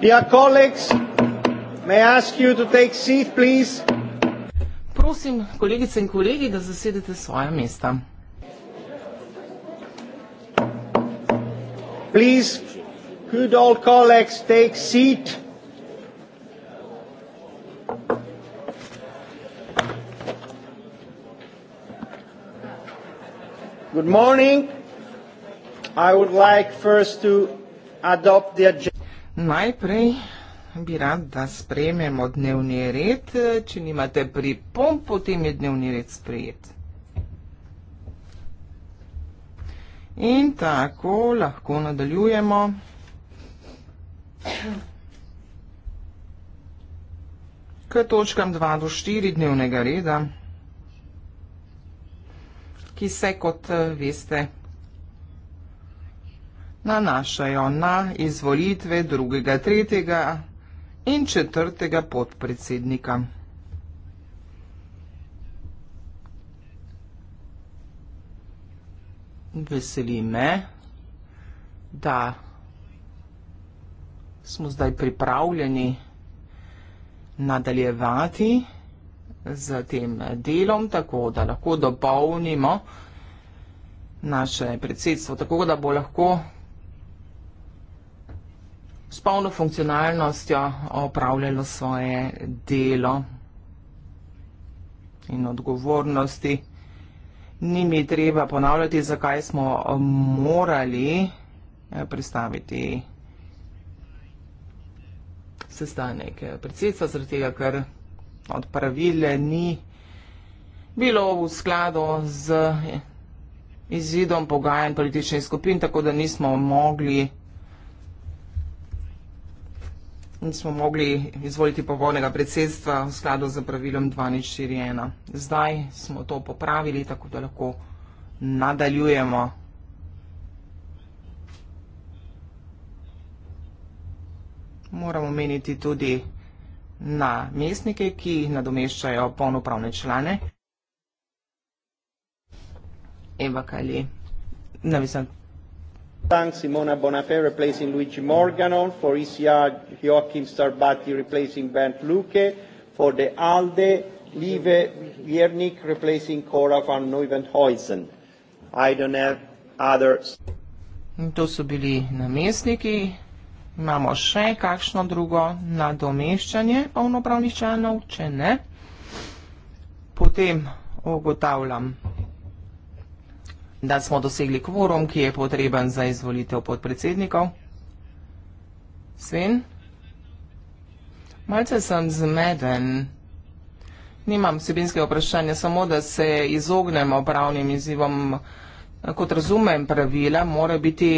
Dear colleagues, may I ask you to take seat, please? Prosim, kolegice in kolegi, da zasedete svoja mesta. Please, could all colleagues take seat? Good morning. I would like first to adopt the agenda. Najprej bi rad, da sprejmemo dnevni red. Če nimate pripomp, potem je dnevni red sprejet. In tako lahko nadaljujemo. K točkam 2 do 4 dnevnega reda, ki se, kot veste, vsega nanašajo na izvolitve drugega, tretjega in četrtega podpredsednika. Veseli me, da smo zdaj pripravljeni nadaljevati z tem delom, tako da lahko dopolnimo naše predsedstvo, tako da bo lahko s polno funkcionalnostjo opravljalo svoje delo in odgovornosti. Ni mi treba ponavljati, zakaj smo morali eh, pristaviti sestanek eh, predsedstva, zaradi tega, ker odpravile ni bilo v skladu z izidom pogajanj političnih skupin, tako da nismo mogli nismo mogli izvoliti povodnega predsedstva v skladu z pravilom 241. Zdaj smo to popravili, tako da lahko nadaljujemo. Moramo meniti tudi na mestnike, ki nadomeščajo polnopravne člane. Eva Kali, ne mislim, Tang Simona Bonafè replacing Luigi Morgano. For ECR, Joachim Starbatti replacing Bernd Luke. For the ALDE, Lieve Wiernik replacing Cora van Neuwenhuizen. I don't have others. In to so bili namestniki. Imamo še kakšno drugo nadomeščanje polnopravnih članov, če ne, potem ugotavljam da smo dosegli kvorum, ki je potreben za izvolitev podpredsednikov. Sven, malce sem zmeden. Nimam vsebinske vprašanja, samo da se izognemo pravnim izzivom. Kot razumem pravila, morajo biti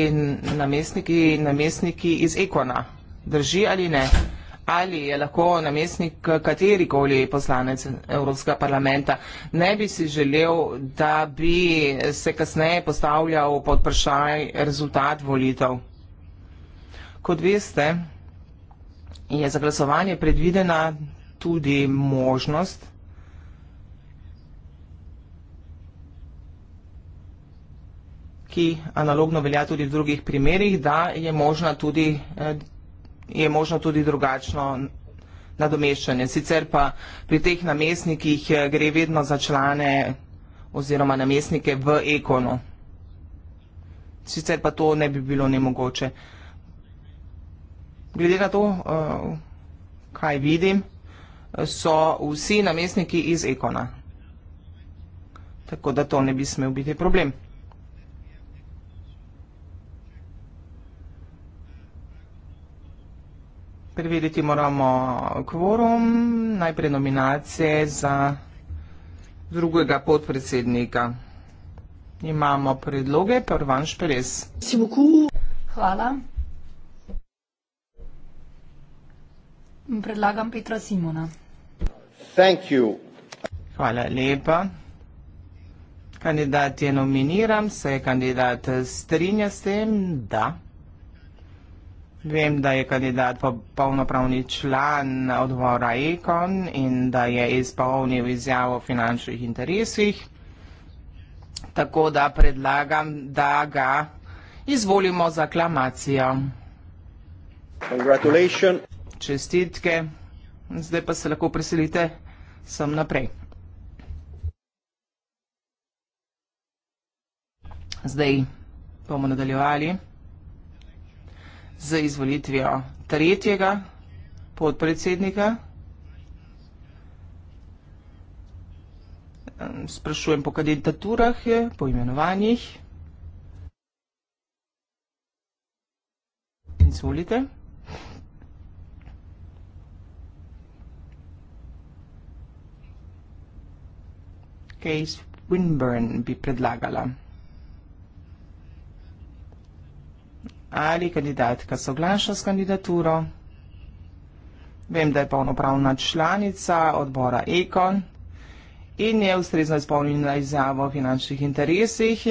namestniki, namestniki iz ekona. Drži ali ne? ali je lahko namestnik katerikoli poslanec Evropskega parlamenta, ne bi si želel, da bi se kasneje postavljal pod vprašaj rezultat volitev. Kot veste, je za glasovanje predvidena tudi možnost, ki analogno velja tudi v drugih primerjih, da je možna tudi eh, je možno tudi drugačno nadomeščanje. Sicer pa pri teh namestnikih eh, gre vedno za člane oziroma namestnike v ekonu. Sicer pa to ne bi bilo nemogoče. Glede na to, eh, kaj vidim, so vsi namestniki iz ekona. Tako da to ne bi smel biti problem. Preveriti moramo kvorum, najprej nominacije za drugega podpredsednika. Imamo predloge, prvan šperes. Hvala. Predlagam Petra Simona. Thank you. Hvala lepa. Kandidat je nominiran, se kandidat strinja s tem, da. Vem, da je kandidat polnopravni član odvora Ekon in da je izpolnil izjavo o finančnih interesih, tako da predlagam, da ga izvolimo za aklamacijo. Čestitke. Zdaj pa se lahko preselite sem naprej. Zdaj bomo nadaljevali z izvolitvijo tretjega podpredsednika. Sprašujem po kandidaturah, po imenovanjih. Izvolite. Case Winburn bi predlagala. ali kandidatka soglaša s kandidaturo. Vem, da je polnopravna članica odbora EKON in je ustrezno izpolnila izjavo o finančnih interesih.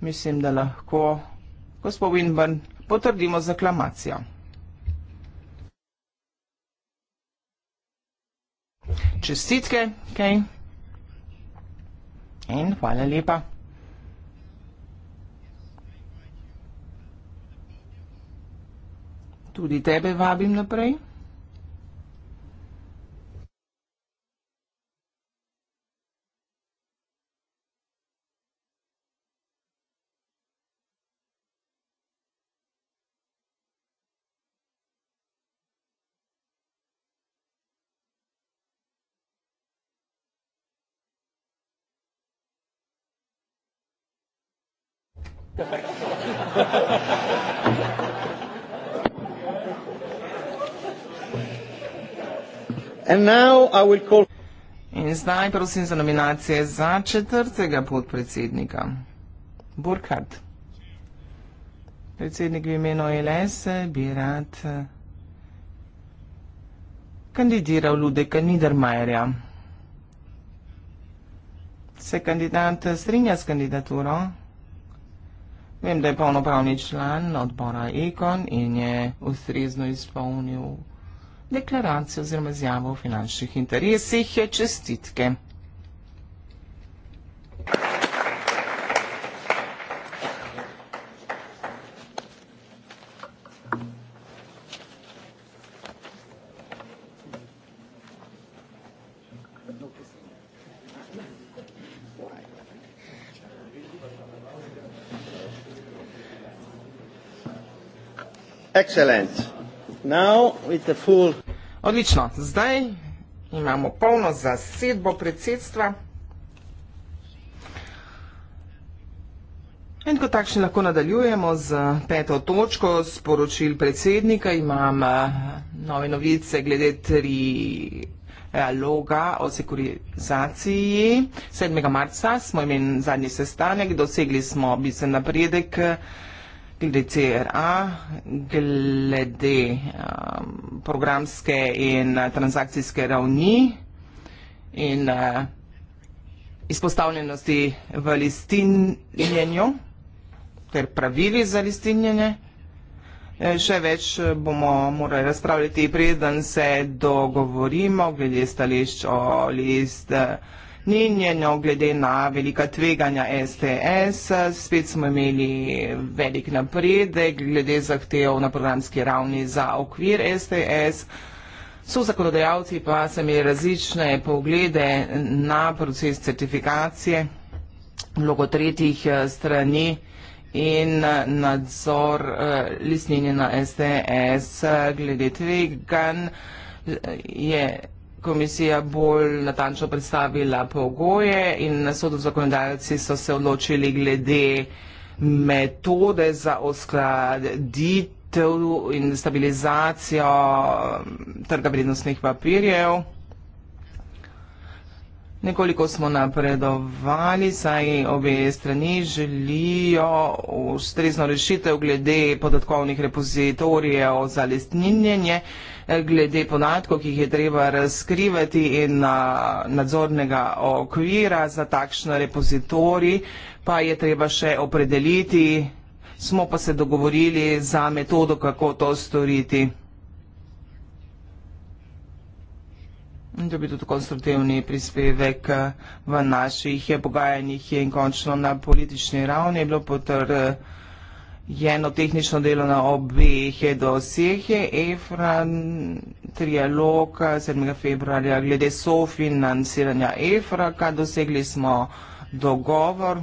Mislim, da lahko gospod Winburn potrdimo z aklamacijo. Čestitke, kaj? Okay. In hvala lepa. Tudi tebe vabim naprej. Dobar. In zdaj prosim za nominacije za četrtega podpredsednika. Burkhardt. Predsednik v imenu LS bi rad eh, kandidiral Ludeka Niedermayerja. Se kandidat eh, strinja s kandidaturo? Vem, da je polnopravni član odbora Ekon in je ustrezno izpolnil deklaracijo oziroma zjavo o finančnih interesih. Čestitke. Excellence. Odlično, zdaj imamo polno zasedbo predsedstva. In kot takšni lahko nadaljujemo z peto točko sporočil predsednika. Imam eh, nove novice glede tri realoga eh, o sekurizaciji. 7. marca smo imeli zadnji sestanek, dosegli smo bistven napredek glede CRA, glede um, programske in uh, transakcijske ravni in uh, izpostavljenosti v listinjenju ter pravili za listinjenje. Eh, še več eh, bomo morali razpravljati, preden se dogovorimo glede stališč o list. Uh, njenjeno glede na velika tveganja STS. Spet smo imeli velik napredek glede zahtev na programski ravni za okvir STS. So zakonodajalci pa se imeli različne poglede na proces certifikacije vlogo tretjih eh, strani in eh, nadzor eh, listnjenja na STS glede tvegan je komisija bolj natančno predstavila pogoje in na sodu zakonodajalci so se odločili glede metode za uskladitev in stabilizacijo um, trga vrednostnih papirjev. Nekoliko smo napredovali, saj obe strani želijo ustrezno rešitev glede podatkovnih repozitorijev za listninjenje, glede podatkov, ki jih je treba razkrivati in nadzornega okvira za takšno repozitorij, pa je treba še opredeliti, smo pa se dogovorili za metodo, kako to storiti. da bi tudi konstruktivni prispevek eh, v naših eh, pogajanjih in končno na politični ravni bilo potr jedno tehnično delo na obeh eh, dosjeh je EFRA, trialog 7. februarja glede sofinanciranja EFRA, kaj dosegli smo dogovor.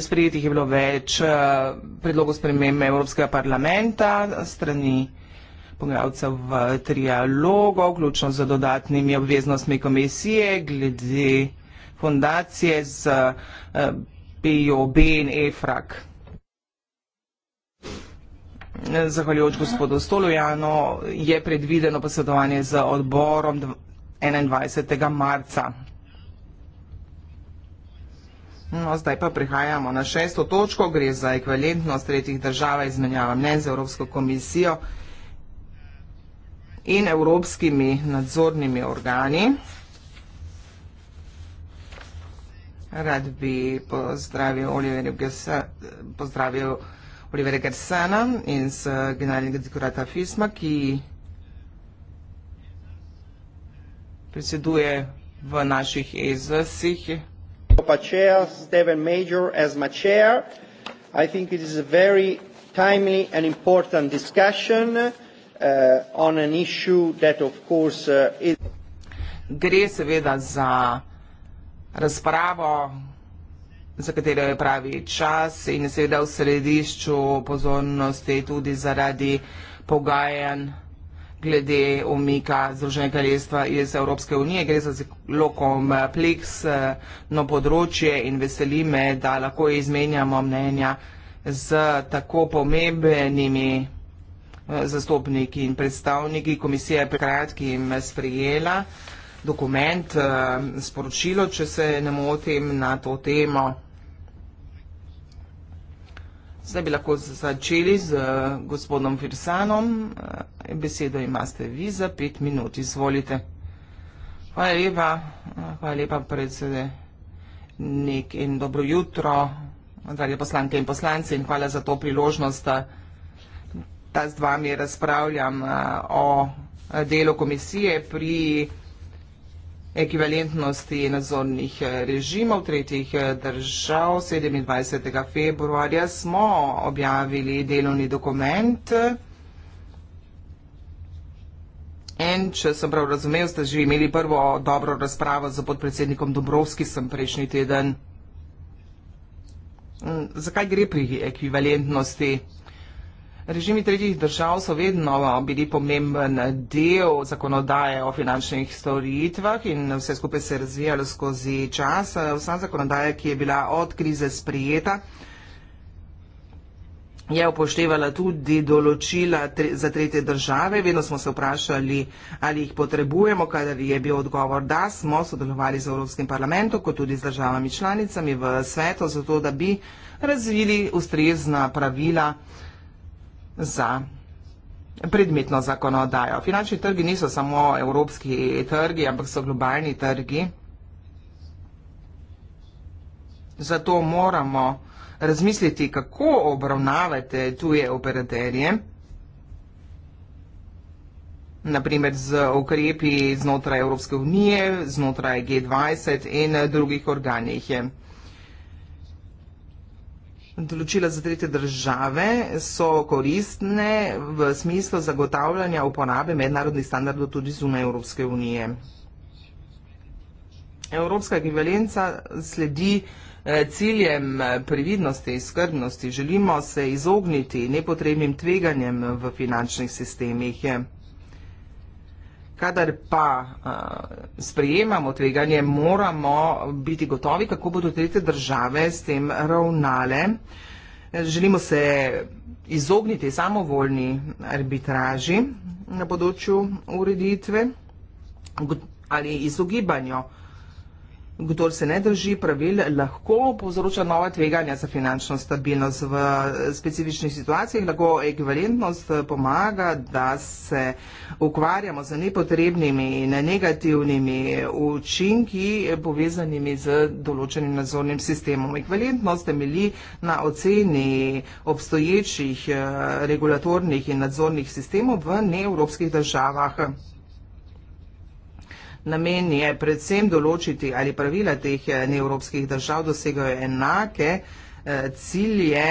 Sprejetih je bilo več predlogov spremembe Evropskega parlamenta strani EFRA pogajalcev v trialogo, vključno z dodatnimi obveznostmi komisije glede fundacije z eh, POB in EFRAK. Zahvaljujoč gospodu Stolujano je predvideno posvetovanje z odborom 21. marca. No, zdaj pa prihajamo na šesto točko, gre za ekvalentnost tretjih država izmenjava mnen z Evropsko komisijo in evropskimi nadzornimi organi. Rad bi pozdravil Oliverja Gersena, pozdravil Oliverja Gersena in z generalnega dekorata FISMA, ki predseduje v naših EZS-ih. Chair, Steven Major, as my chair, I think it is a very timely and important discussion. Uh, uh, on an issue that of course uh, is Gre seveda za razpravo, za katero je pravi čas in seveda v središču pozornosti tudi zaradi pogajanj glede umika Združenega kraljestva iz Evropske unije. Gre za zelo kompleksno eh, področje in veseli me, da lahko izmenjamo mnenja z tako pomembenimi Eh, zastopniki in predstavniki komisije pred kratkim sprejela dokument, eh, sporočilo, če se ne motim na to temo. Zdaj bi lahko začeli z eh, gospodom Firsanom. Besedo imate vi za pet minut. Izvolite. Hvala lepa. Hvala lepa predsednik in dobro jutro, drage poslanke in poslanci. In hvala za to priložnost, da ta z vami razpravljam eh, o eh, delu komisije pri ekvivalentnosti nadzornih eh, režimov tretjih držav. 27. februarja smo objavili delovni dokument in če sem prav razumel, ste že imeli prvo dobro razpravo z podpredsednikom Dobrovski, sem prejšnji teden. Mm, zakaj gre pri ekvivalentnosti? Režimi tretjih držav so vedno bili pomemben del zakonodaje o finančnih storitvah in vse skupaj se je razvijalo skozi čas. Vsa zakonodaja, ki je bila od krize sprijeta, je upoštevala tudi določila tre, za tretje države. Vedno smo se vprašali, ali jih potrebujemo, kadar je bil odgovor, da smo sodelovali z Evropskim parlamentom, kot tudi z državami članicami v svetu, zato da bi razvili ustrezna pravila za predmetno zakonodajo. Finančni trgi niso samo evropski trgi, ampak so globalni trgi. Zato moramo razmisliti, kako obravnavate tuje operaterje, naprimer z ukrepi znotraj Evropske unije, znotraj G20 in drugih organih določila za tretje države so koristne v smislu zagotavljanja uporabe mednarodnih standardov tudi zunaj Evropske unije. Evropska ekvivalenca sledi eh, ciljem eh, previdnosti in skrbnosti. Želimo se izogniti nepotrebnim tveganjem v finančnih sistemih. Kadar pa uh, sprejemamo tveganje, moramo biti gotovi, kako bodo tretje države s tem ravnale. Želimo se izogniti samovoljni arbitraži na področju ureditve ali izogibanju. Kdor se ne drži pravil, lahko povzroča nove tveganja za finančno stabilnost. V eh, specifičnih situacijah lahko ekvivalentnost eh, pomaga, da se ukvarjamo z nepotrebnimi in negativnimi eh, učinki povezanimi z določenim nazornim sistemom. Ekvivalentnost temelji na oceni obstoječih regulatornih in nadzornih sistemov v neevropskih državah. Namen je predvsem določiti, ali pravila teh eh, neevropskih držav dosegajo enake eh, cilje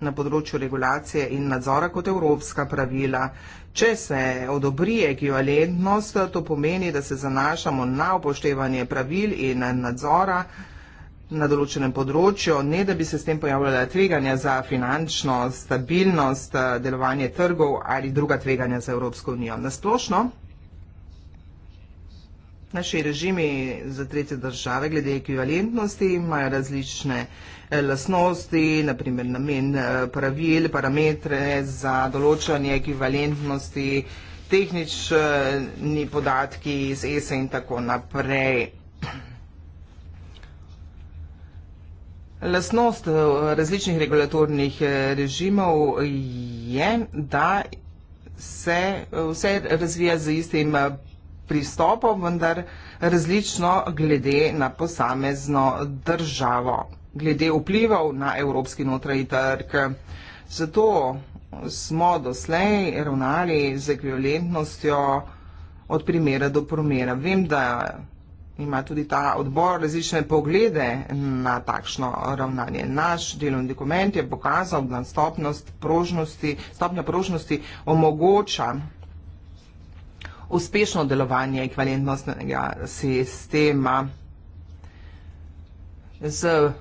na področju regulacije in nadzora kot evropska pravila. Če se odobri ekvivalentnost, to pomeni, da se zanašamo na upoštevanje pravil in nadzora na določenem področju, ne da bi se s tem pojavljala tveganja za finančno stabilnost, eh, delovanje trgov ali druga tveganja za Evropsko unijo. Nasplošno Naši režimi za tretje države glede ekvivalentnosti imajo različne eh, lasnosti, naprimer namen eh, pravil, parametre za določanje ekvivalentnosti, tehnični podatki iz ESA in tako naprej. Lasnost eh, različnih regulatornih režimov je, da se vse razvija z istim pristopov, vendar različno glede na posamezno državo, glede vplivov na evropski notranji trg. Zato smo doslej ravnali z ekvivalentnostjo od primera do primera. Vem, da ima tudi ta odbor različne poglede na takšno ravnanje. Naš delovni dokument je pokazal, da stopnost prožnosti, stopnja prožnosti omogoča uspešno delovanje ekvivalentnostnega sistema z um,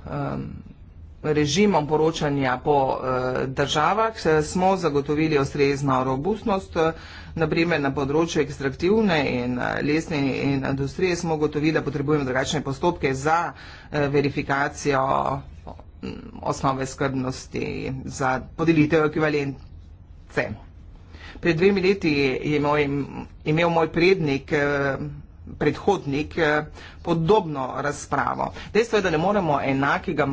režimom poročanja po uh, državah smo zagotovili ustrezno robustnost. Naprimer, na področju ekstraktivne in eh, lesne in industrije smo gotovili, da potrebujemo drugačne postopke za uh, verifikacijo mm, osnove skrbnosti za podelitev ekvivalence. Pred dvemi leti je moj, imel moj prednik, eh, predhodnik, eh, podobno razpravo. Dejstvo je, da ne moremo enakega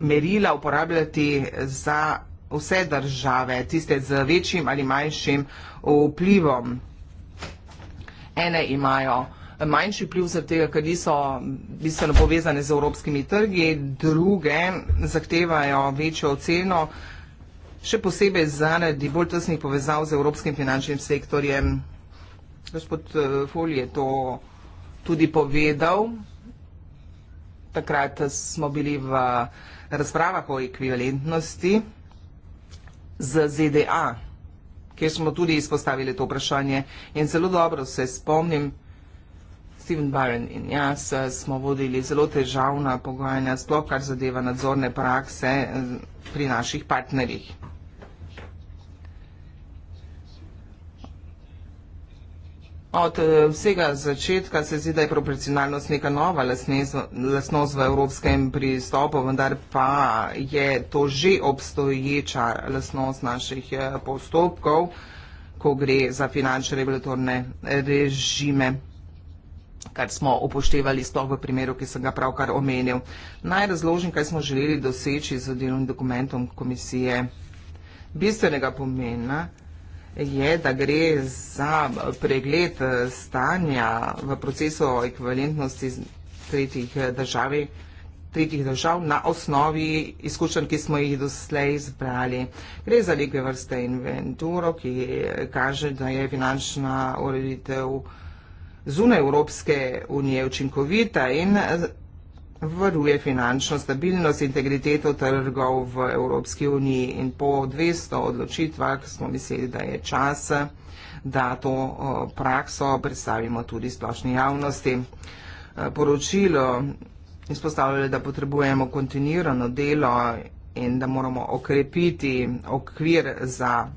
merila uporabljati za vse države, tiste z večjim ali manjšim vplivom. Ene imajo manjši vpliv zaradi tega, ker niso bistveno povezane z evropskimi trgi, druge zahtevajo večjo oceno, še posebej zaradi bolj tesnih povezav z evropskim finančnim sektorjem. Gospod eh, Fol je to tudi povedal. Takrat smo bili v razpravah o ekvivalentnosti z ZDA, kjer smo tudi izpostavili to vprašanje. In zelo dobro se spomnim, Steven Barron in jaz eh, smo vodili zelo težavna pogajanja, sploh kar zadeva nadzorne prakse eh, pri naših partnerjih. Od eh, vsega začetka se zdi, da je proporcionalnost neka nova lasnost v evropskem pristopu, vendar pa je to že obstoječa lasnost naših eh, postopkov, ko gre za finančne regulatorne eh, režime kar smo upoštevali sploh v primeru, ki sem ga pravkar omenil. Naj razložim, kaj smo želeli doseči z delovnim dokumentom komisije. Bistvenega pomena je, da gre za pregled stanja v procesu ekvivalentnosti tretjih eh, državi tretjih držav na osnovi izkušenj, ki smo jih doslej zbrali. Gre za neke vrste inventuro, ki kaže, da je finančna ureditev zunaj Evropske unije učinkovita in eh, varuje finančno stabilnost, integriteto trgov v Evropski uniji in po 200 odločitvah smo mislili, da je čas, da to prakso predstavimo tudi splošni javnosti. E, poročilo izpostavljajo, da potrebujemo kontinuirano delo in da moramo okrepiti okvir za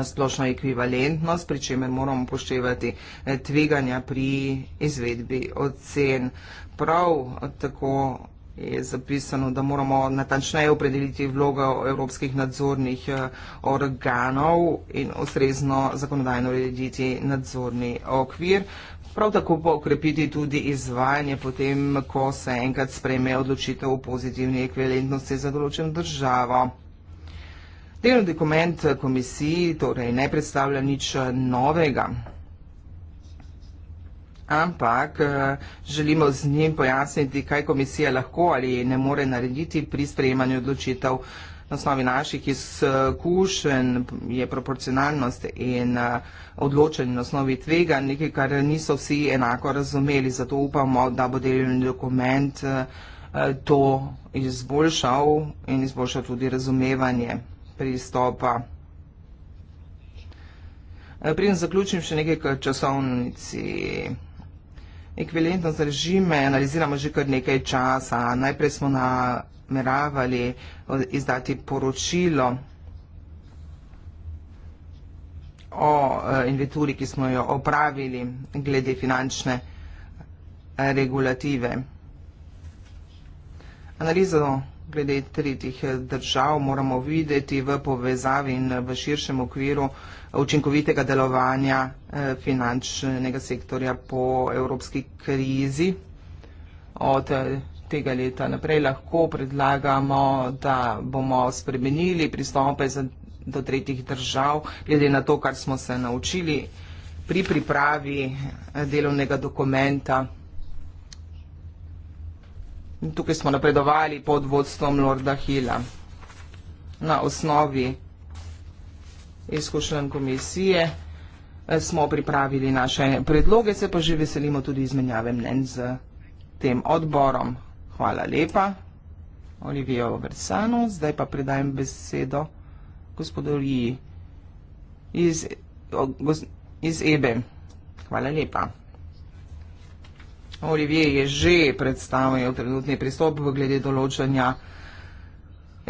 splošno ekvivalentnost, pri čemer moramo poštevati eh, tveganja pri izvedbi ocen. Prav tako je zapisano, da moramo natančneje opredeliti vlogo evropskih nadzornih eh, organov in ustrezno zakonodajno urediti nadzorni okvir. Prav tako pa okrepiti tudi izvajanje potem, ko se enkrat spreme odločitev o pozitivni ekvivalentnosti za določeno državo. Delovni dokument eh, komisiji torej ne predstavlja nič eh, novega, ampak eh, želimo z njim pojasniti, kaj komisija lahko ali ne more narediti pri sprejemanju odločitev na osnovi naših izkušenj je proporcionalnost in odločenje na osnovi tvega nekaj, kar niso vsi enako razumeli, zato upamo, da bo delovni dokument to izboljšal in izboljšal tudi razumevanje pristopa. E, Prijem zaključim še nekaj k časovnici. Ekvivalentnost režime analiziramo že kar nekaj časa. Najprej smo nameravali izdati poročilo o e, inventuri, ki smo jo opravili glede finančne e, regulative. Analizo glede tretjih eh, držav moramo videti v povezavi in eh, v širšem okviru učinkovitega delovanja eh, finančnega sektorja po evropski krizi. Od tega leta naprej lahko predlagamo, da bomo spremenili pristope do tretjih držav, glede na to, kar smo se naučili pri pripravi delovnega dokumenta tukaj smo napredovali pod vodstvom Lorda Hila na osnovi izkušen komisije eh, smo pripravili naše predloge, se pa že veselimo tudi izmenjave mnen z tem odborom. Hvala lepa, Olivijo Versano. Zdaj pa predajem besedo gospodoriji iz, iz Ebe. Hvala lepa. Olivier je že predstavil trenutni pristop v glede določanja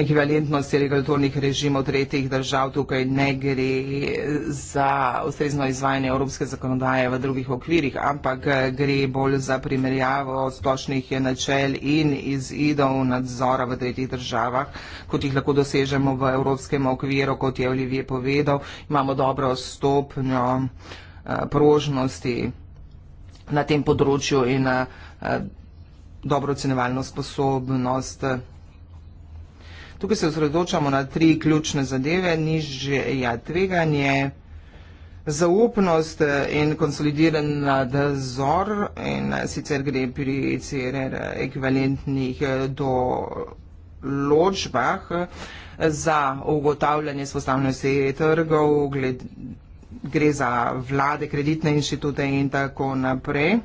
ekvivalentnosti regulatornih režimov tretjih držav. Tukaj ne gre za ustrezno izvajanje evropske zakonodaje v drugih okvirih, ampak gre bolj za primerjavo splošnih načel in izidov nadzora v tretjih državah, kot jih lahko dosežemo v evropskem okviru, kot je Olivier povedal. Imamo dobro stopnjo eh, prožnosti na tem področju in eh, dobro ocenevalno sposobnost. Tukaj se osredotočamo na tri ključne zadeve, nižje ja, tveganje, zaupnost eh, in konsolidiran nadzor in eh, sicer gre pri CRR ekvivalentnih do ločbah za ugotavljanje spostavnosti trgov, glede gre za vlade, kreditne inštitute in tako naprej,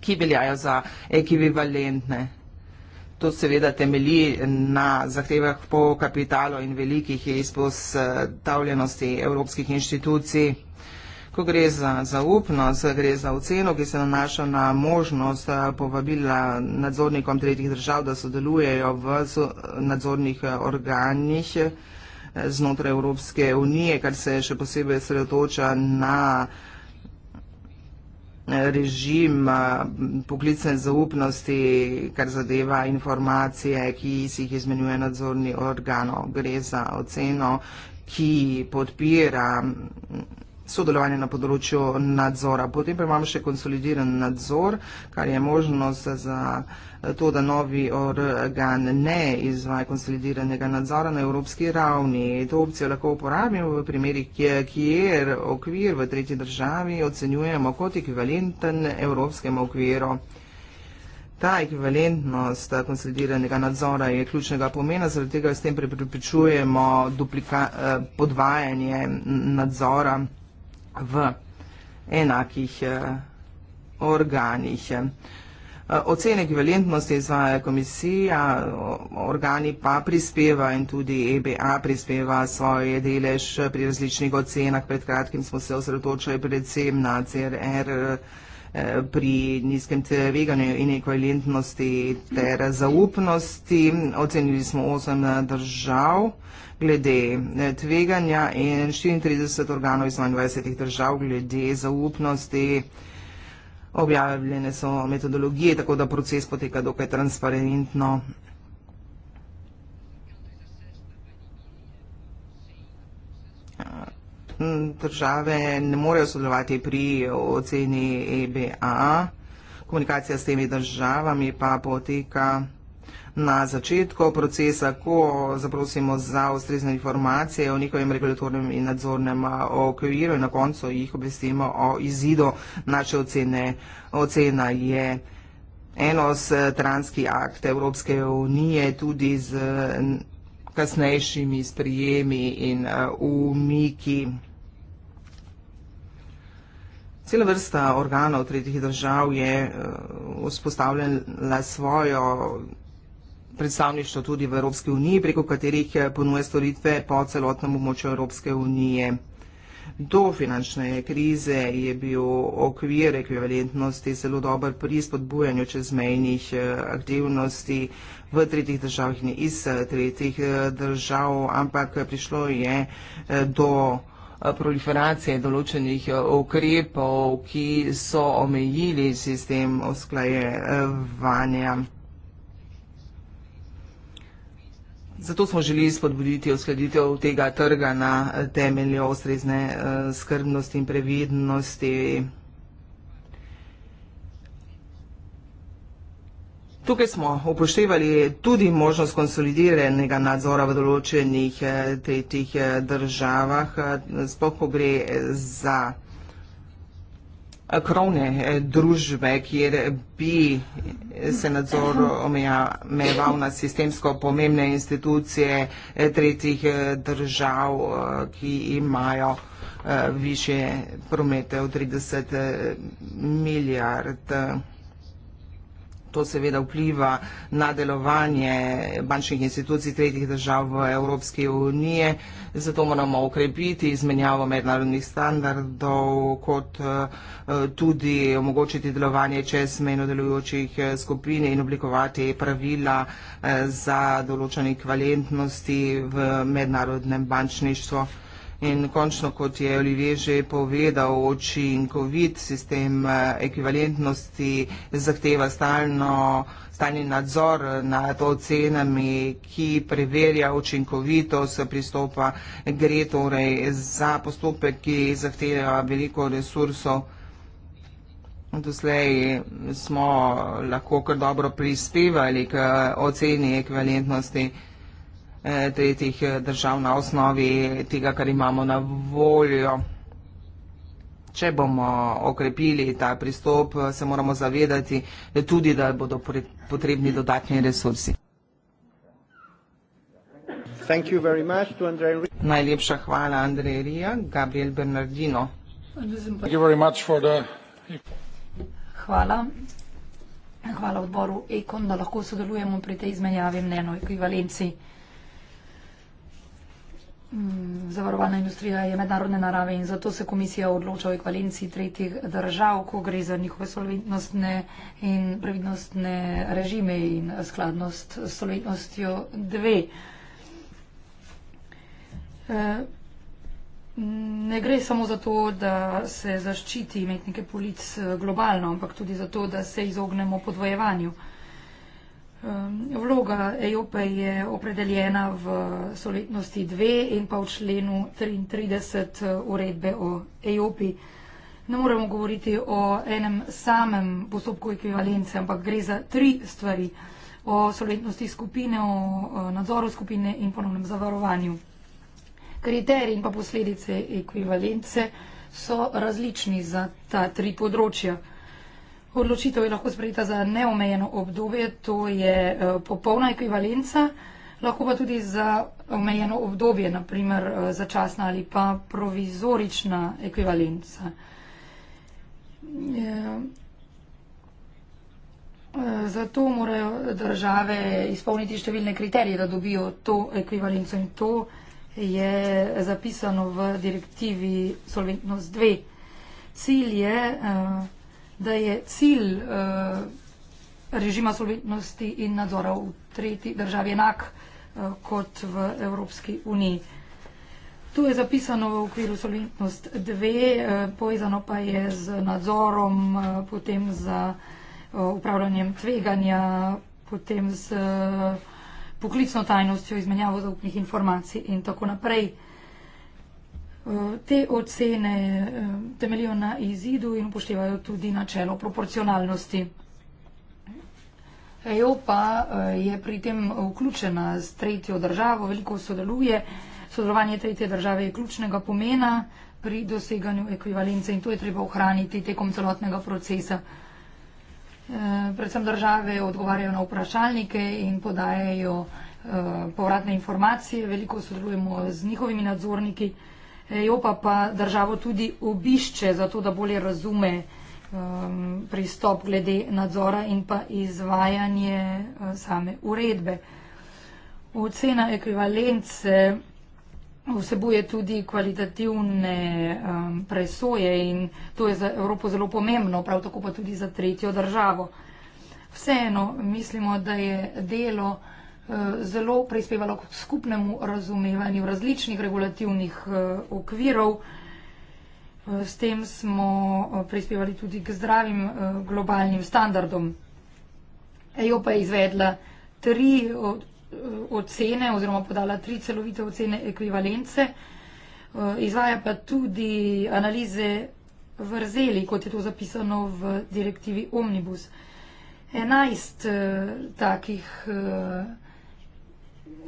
ki veljajo za ekvivalentne. To seveda temelji na zahtevah po kapitalu in velikih izpostavljenosti evropskih inštitucij. Ko gre za zaupnost, gre za oceno, ki se nanaša na možnost eh, povabila nadzornikom tretjih držav, da sodelujejo v nadzornih eh, organih znotraj Evropske unije, kar se še posebej sredotoča na režim poklicne zaupnosti, kar zadeva informacije, ki si jih izmenjuje nadzorni organo. Gre za oceno, ki podpira sodelovanje na področju nadzora. Potem pa imamo še konsolidiran nadzor, kar je možnost za to, da novi organ ne izvaja konsolidiranega nadzora na evropski ravni. To opcijo lahko uporabimo v primerih, kjer okvir v tretji državi ocenjujemo kot ekvivalenten evropskemu okviru. Ta ekvivalentnost konsolidiranega nadzora je ključnega pomena, zaradi tega s tem preprepričujemo duplika, eh, podvajanje nadzora v enakih eh, organih. Eh, ocene ekvivalentnosti izvaja komisija, organi pa prispeva in tudi EBA prispeva svoje delež pri različnih ocenah. Pred kratkim smo se osredotočili predvsem na CRR eh, pri nizkem tveganju in ekvivalentnosti ter zaupnosti. Ocenili smo osem držav glede eh, tveganja in 34 organov iz 22 držav glede zaupnosti. Objavljene so metodologije, tako da proces poteka dokaj transparentno. Države ne morejo sodelovati pri oceni EBA, komunikacija s temi državami pa poteka vsega na začetku procesa, ko zaprosimo za ustrezne informacije o njihovem regulatornem in nadzornem okviru in na koncu jih obvestimo o izidu naše ocene. Ocena je enos eh, transki akt Evropske unije tudi z kasnejšimi sprijemi in eh, umiki. Cela vrsta organov tretjih držav je eh, vzpostavljala svojo predstavništvo tudi v Evropski uniji, preko katerih eh, ponuje storitve po celotnem območju Evropske unije. Do finančne krize je bil okvir ekvivalentnosti zelo dober pri spodbujanju čezmejnih eh, aktivnosti v tretjih državah in iz eh, tretjih držav, ampak prišlo je do proliferacije določenih ukrepov, ki so omejili sistem usklajevanja. Zato smo želeli spodbuditi uskladitev tega trga na temelju ustrezne eh, skrbnosti in previdnosti. Tukaj smo upoštevali tudi možnost konsolidiranega nadzora v določenih eh, tretjih eh, državah, spoh pogre za vsega krovne eh, družbe, kjer bi se nadzor omejeval na sistemsko pomembne institucije eh, tretjih eh, držav, ki imajo više promete v 30 milijard evrov to seveda vpliva na delovanje bančnih institucij tretjih držav v Evropski uniji, zato moramo ukrepiti izmenjavo mednarodnih standardov, kot eh, tudi omogočiti delovanje čezmejno delujočih eh, skupin in oblikovati pravila eh, za določene kvalentnosti v mednarodnem bančništvu. In končno, kot je Olivier že povedal, očinkovit sistem eh, ekvivalentnosti zahteva stalno stani nadzor nad ocenami, ki preverja učinkovitost pristopa, gre torej za postopek, ki zahteva veliko resursov. Doslej smo lahko kar dobro prispevali k oceni ekvivalentnosti. Eh, tretjih eh, držav na osnovi tega, kar imamo na voljo. Če bomo okrepili ta pristop, eh, se moramo zavedati tudi, da bodo potrebni dodatni resursi. Najlepša hvala, Andrej Rija. Gabriel Bernardino. Hvala. Hvala odboru EKON, da lahko sodelujemo pri tej izmenjavi mnenoj kvivalenciji. Mm, zavarovalna industrija je mednarodne narave in zato se komisija odloča o ekvalenciji tretjih držav, ko gre za njihove solventnostne in previdnostne režime in skladnost s solventnostjo dve. E, ne gre samo za to, da se zaščiti imetnike polic e, globalno, ampak tudi za to, da se izognemo podvojevanju. Ehm, vloga EOP-a je opredeljena v solidnosti 2 in pa v členu 33 eh, uredbe o EOP-i. Ne moremo govoriti o enem samem postopku ekvivalence, ampak gre za tri stvari. O solidnosti skupine, o eh, nadzoru skupine in ponovnem zavarovanju. Kriteriji in pa posledice ekvivalence so različni za ta tri področja. Odločitev je lahko sprejeta za neomejeno obdobje, to je eh, popolna ekvivalenca, lahko pa tudi za omejeno obdobje, naprimer eh, začasna ali pa provizorična ekvivalenca. Eh, zato morajo države izpolniti številne kriterije, da dobijo to ekvivalenco in to je zapisano v direktivi Solventnost 2. Cilj je uh, da je cilj eh, režima solidnosti in nadzora v tretji državi enak eh, kot v Evropski uniji. Tu je zapisano v okviru solidnost dve, eh, povezano pa je z nadzorom, potem za upravljanjem tveganja, potem z poklicno tajnostjo, izmenjavo zaupnih informacij in tako naprej. Eh, te ocene eh, temeljijo na izidu in upoštevajo tudi načelo proporcionalnosti. EU pa eh, je pri tem vključena s tretjo državo, veliko sodeluje. Sodelovanje tretje države je ključnega pomena pri doseganju ekvivalence in to je treba ohraniti tekom celotnega procesa. Predvsem države odgovarjajo na vprašalnike in podajajo povratne informacije, veliko sodelujemo z njihovimi nadzorniki. Jopa pa državo tudi obišče, zato da bolje razume um, pristop glede nadzora in pa izvajanje uh, same uredbe. Ocena ekvivalence vsebuje tudi kvalitativne um, presoje in to je za Evropo zelo pomembno, prav tako pa tudi za tretjo državo. Vseeno mislimo, da je delo. Eh, zelo prispevalo k skupnemu razumevanju različnih regulativnih eh, okvirov. Eh, s tem smo prispevali tudi k zdravim globalnim standardom. EU pa je izvedla tri ocene oziroma podala tri celovite ocene ekvivalence, izvaja pa tudi analize vrzeli, kot je to zapisano v direktivi Omnibus. 11 takih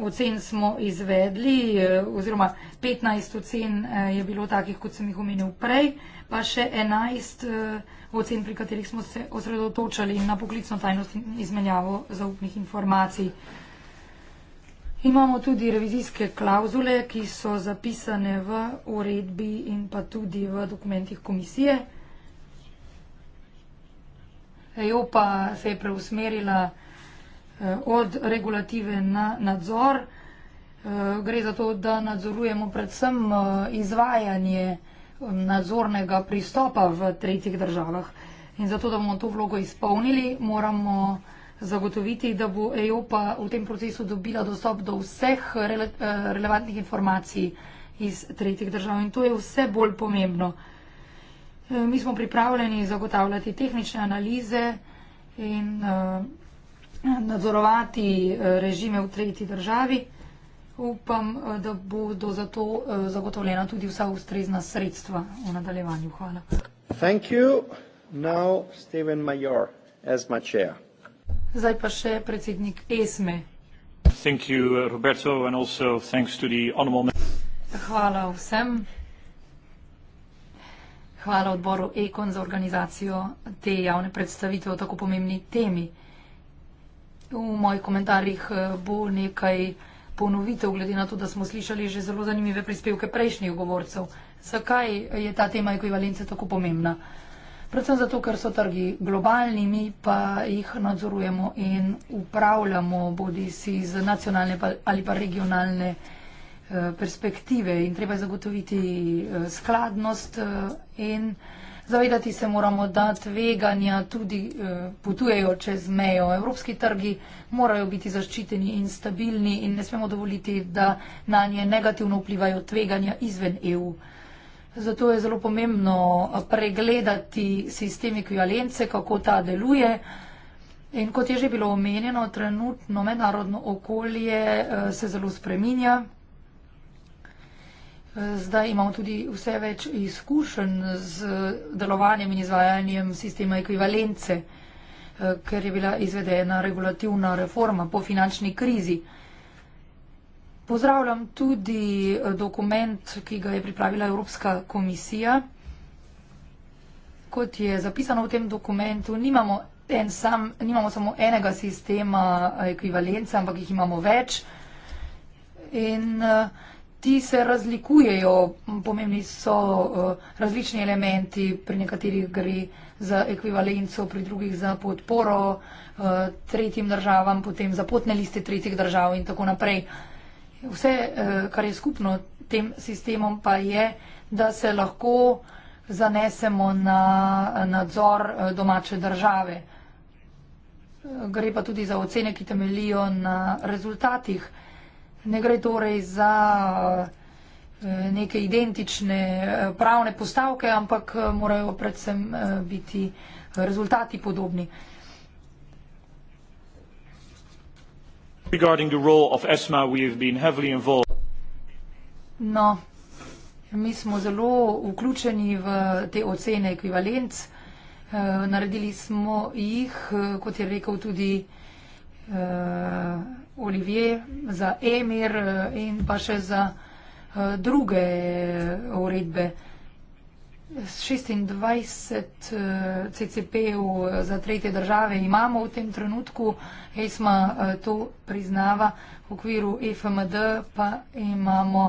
ocen smo izvedli, eh, oziroma 15 ocen eh, je bilo takih, kot sem jih omenil prej, pa še 11 eh, ocen, pri katerih smo se osredotočali na poklicno tajnost in izmenjavo zaupnih informacij. Imamo tudi revizijske klauzule, ki so zapisane v uredbi in pa tudi v dokumentih komisije. EOPA se je preusmerila. Eh, od regulative na nadzor. Eh, gre za to, da nadzorujemo predvsem eh, izvajanje nadzornega pristopa v tretjih državah. In zato, da bomo to vlogo izpolnili, moramo zagotoviti, da bo EOPA v tem procesu dobila dostop do vseh rele, relevantnih informacij iz tretjih držav. In to je vse bolj pomembno. Mi smo pripravljeni zagotavljati tehnične analize in uh, nadzorovati eh, režime v tretji državi. Upam, eh, da bodo za to eh, zagotovljena tudi vsa ustrezna sredstva v nadaljevanju. Hvala. Thank you. Now Steven Major, ESMA chair. Zdaj pa še predsednik ESME. Thank you, uh, Roberto, and also thanks to the honorable Hvala vsem. Hvala odboru Ekon za organizacijo te javne predstavitve o tako pomembni temi v mojih komentarjih eh, bo nekaj ponovitev, glede na to, da smo slišali že zelo zanimive prispevke prejšnjih govorcev. Zakaj je ta tema ekvivalence tako pomembna? Predvsem zato, ker so trgi globalni, mi pa jih nadzorujemo in upravljamo, bodi si z nacionalne ali pa regionalne eh, perspektive. In treba je zagotoviti eh, skladnost in. Zavedati se moramo, da tveganja tudi eh, potujejo čez mejo. Evropski trgi morajo biti zaščiteni in stabilni in ne smemo dovoliti, da na nje negativno vplivajo tveganja izven EU. Zato je zelo pomembno eh, pregledati sistem ekvivalence, kako ta deluje. In kot je že bilo omenjeno, trenutno mednarodno okolje eh, se zelo spreminja. Zdaj imamo tudi vse več izkušenj z delovanjem in izvajanjem sistema ekvivalence, eh, ker je bila izvedena regulativna reforma po finančni krizi. Pozdravljam tudi eh, dokument, ki ga je pripravila Evropska komisija. Kot je zapisano v tem dokumentu, nimamo, en sam, nimamo samo enega sistema ekvivalence, ampak jih imamo več. In uh, ti se razlikujejo, pomembni so uh, različni elementi, pri nekaterih gre za ekvivalenco, pri drugih za podporo uh, tretjim državam, potem za potne liste tretjih držav in tako naprej. Vse, uh, kar je skupno tem sistemom, pa je, da se lahko zanesemo na nadzor domače države. Gre pa tudi za ocene, ki temelijo na rezultatih. Ne gre torej za eh, neke identične eh, pravne postavke, ampak eh, morajo predvsem biti rezultati podobni. No, mi smo zelo vključeni v te ocene ekvivalenc. Naredili smo jih, kot je rekel tudi Olivier, za Emir eh, in pa še za eh, druge eh, uredbe. 26 CCP-ov za tretje države imamo v tem trenutku, ESMA to priznava, v okviru FMD pa imamo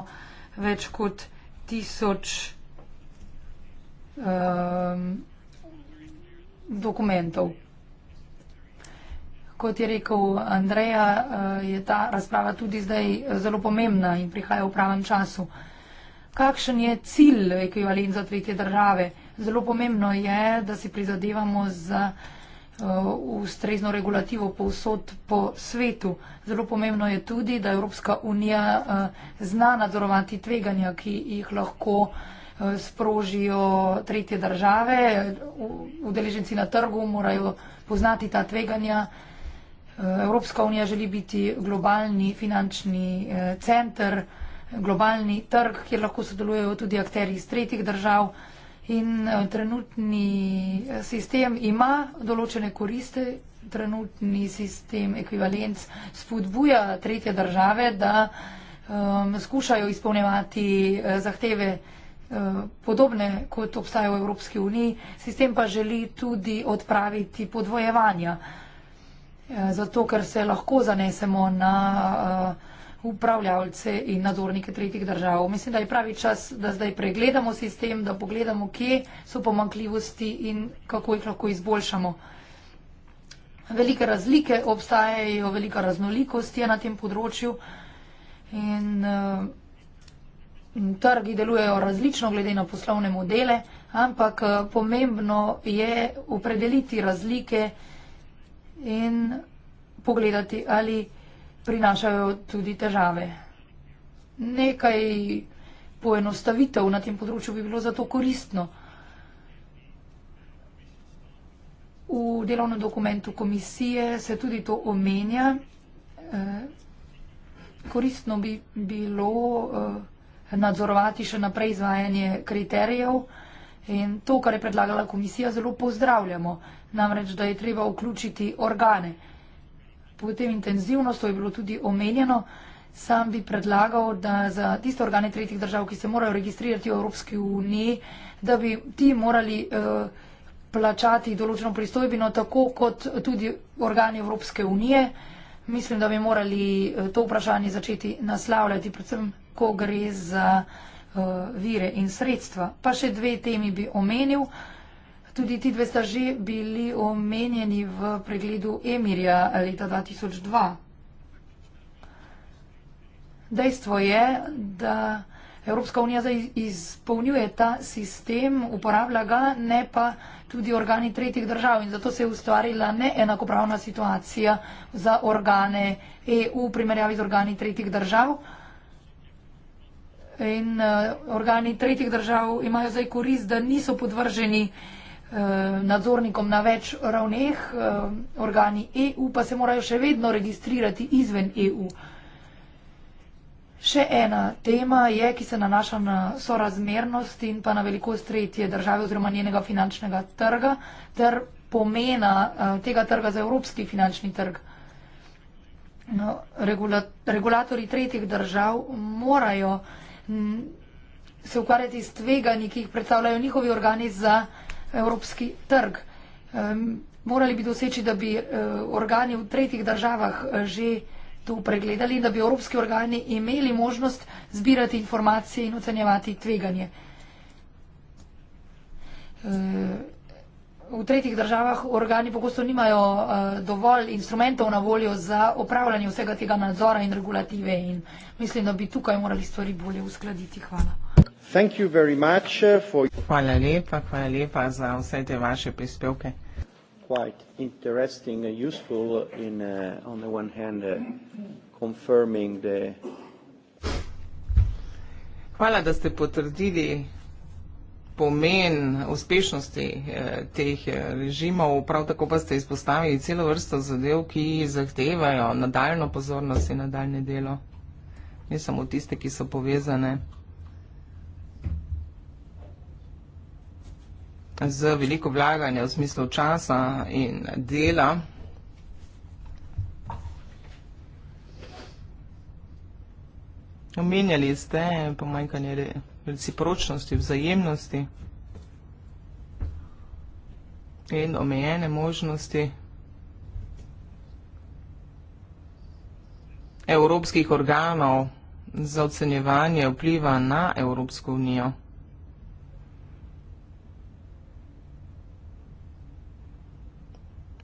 več kot tisoč um, dokumentov kot je rekel Andreja, eh, je ta razprava tudi zdaj eh, zelo pomembna in prihaja v pravem času. Kakšen je cilj ekvivalenca tretje države? Zelo pomembno je, da si prizadevamo za eh, ustrezno regulativo povsod po svetu. Zelo pomembno je tudi, da Evropska unija zna nadzorovati tveganja, ki jih lahko sprožijo tretje države. Udeleženci na trgu morajo poznati ta tveganja. Evropska unija želi biti globalni finančni eh, center, globalni trg, kjer lahko sodelujejo tudi akteri iz tretjih držav. In eh, trenutni eh, sistem ima določene koriste, trenutni sistem ekvivalenc spodbuja tretje države, da um, skušajo izpolnevati zahteve um, podobne, kot obstajajo v Evropski uniji. Sistem pa želi tudi odpraviti podvojevanja. Eh, zato ker se lahko zanesemo na eh, upravljavce in nadzornike tretjih držav. Mislim, da je pravi čas, da zdaj pregledamo sistem, da pogledamo, kje so pomankljivosti in kako jih lahko izboljšamo. Velike razlike obstajajo, velika raznolikost je na tem področju in eh, trgi delujejo različno glede na poslovne modele, ampak pomembno je opredeliti razlike, in pogledati, ali prinašajo tudi težave. Nekaj poenostavitev na tem področju bi bilo zato koristno. V delovnem dokumentu komisije se tudi to omenja. Eh, koristno bi bilo eh, nadzorovati še naprej izvajanje kriterijev. In to, kar je predlagala komisija, zelo pozdravljamo, namreč, da je treba vključiti organe. Potem intenzivnost, to je bilo tudi omenjeno, sam bi predlagal, da za tiste organe tretjih držav, ki se morajo registrirati v Evropski uniji, da bi ti morali eh, plačati določeno pristojbino, tako kot tudi organi Evropske unije. Mislim, da bi morali eh, to vprašanje začeti naslavljati, predvsem, ko gre za. Eh, vire in sredstva. Pa še dve temi bi omenil. Tudi ti dve sta že bili omenjeni v pregledu Emirja leta 2002. Dejstvo je, da Evropska unija zdaj izpolnjuje ta sistem, uporablja ga, ne pa tudi organi tretjih držav in zato se je ustvarila neenakopravna situacija za organe EU v primerjavi z organi tretjih držav in uh, organi tretjih držav imajo zdaj korist, da niso podvrženi eh, nadzornikom na več ravneh, eh, organi EU pa se morajo še vedno registrirati izven EU. Še ena tema je, ki se nanaša na sorazmernost in pa na velikost tretje države oziroma njenega finančnega trga ter pomena tega trga za evropski finančni trg. No, regulatori tretjih držav morajo Mm, se ukvarjati s tveganji, ki jih predstavljajo njihovi organi za evropski trg. Morali bi doseči, da bi eh, organi v tretjih državah eh, že to pregledali in da bi evropski organi imeli možnost zbirati informacije in ocenjevati tveganje. Eh, v tretjih državah organi pogosto nimajo uh, dovolj instrumentov na voljo za opravljanje vsega tega nadzora in regulative in mislim, da bi tukaj morali stvari bolje uskladiti. Hvala. Eh, for... Hvala lepa, hvala lepa za vse te vaše prispevke. Eh, hvala, da ste potrdili pomen uspešnosti eh, teh eh, režimov, prav tako pa ste izpostavili celo vrsto zadev, ki zahtevajo nadaljno pozornost in nadaljne delo, ne samo tiste, ki so povezane z veliko vlaganja v smislu časa in dela. Omenjali ste pomanjkanje reje recipročnosti, vzajemnosti in omejene možnosti evropskih organov za ocenjevanje vpliva na Evropsko unijo.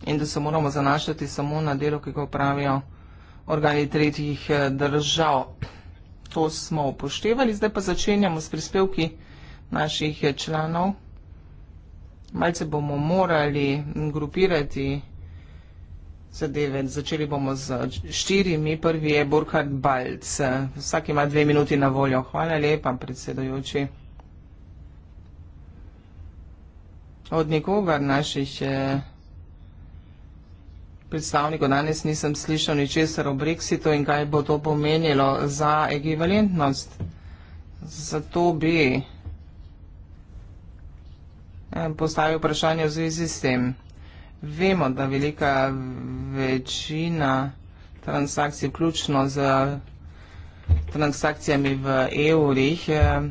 In da se moramo zanašati samo na delo, ki ga upravijo organi tretjih eh, držav to smo upoštevali. Zdaj pa začenjamo s prispevki naših članov. Malce bomo morali grupirati zadeve. Začeli bomo z štirimi. Prvi je Burkhard Balc. Vsak ima dve minuti na voljo. Hvala lepa, predsedojoči. Od nikogar naših eh, predstavniku danes nisem slišal ničesar o Brexitu in kaj bo to pomenilo za ekvivalentnost. Zato bi eh, postavil vprašanje v zvezi s tem. Vemo, da velika večina transakcij, vključno z transakcijami v evrih, eh,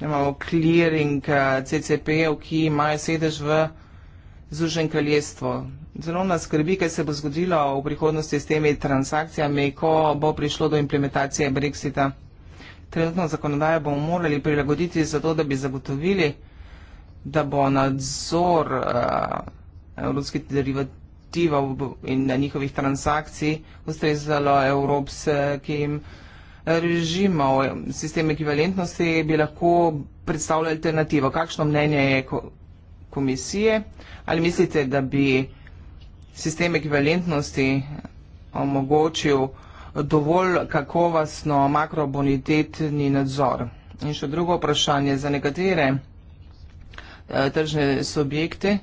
imamo clearing eh, CCP-ev, ki imajo sedež v Združen kraljestvo. Zelo nas skrbi, kaj se bo zgodilo v prihodnosti s temi transakcijami, ko bo prišlo do implementacije Brexita. Trenutno zakonodajo bomo morali prilagoditi zato, da bi zagotovili, da bo nadzor eh, evropskih derivativov in na njihovih transakcij ustrezalo evropskim eh, režimov. Sistem ekvivalentnosti bi lahko predstavljal alternativo. Kakšno mnenje je komisije? Ali mislite, da bi sistem ekvivalentnosti omogočil dovolj kakovostno makrobonitetni nadzor. In še drugo vprašanje za nekatere eh, tržne subjekte.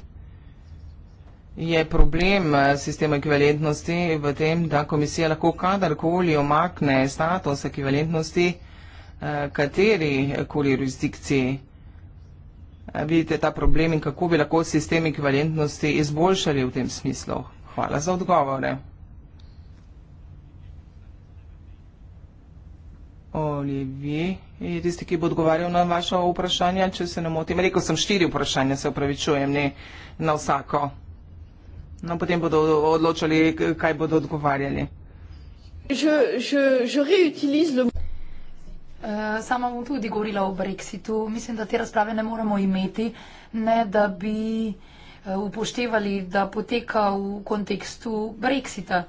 Je problem eh, sistema ekvivalentnosti v tem, da komisija lahko kadarkoli omakne status ekvivalentnosti, eh, kateri koli jurisdikciji vidite ta problem in kako bi lahko sistem ekvivalentnosti izboljšali v tem smislu? Hvala za odgovore. Olivi, je tisti, ki bo odgovarjal na vaša vprašanja, če se ne motim. Rekel sem štiri vprašanja, se upravičujem, ne na vsako. No, potem bodo odločali, kaj bodo odgovarjali. Je, je, je Eh, sama bom tudi govorila o Brexitu. Mislim, da te razprave ne moremo imeti, ne da bi eh, upoštevali, da poteka v kontekstu Brexita.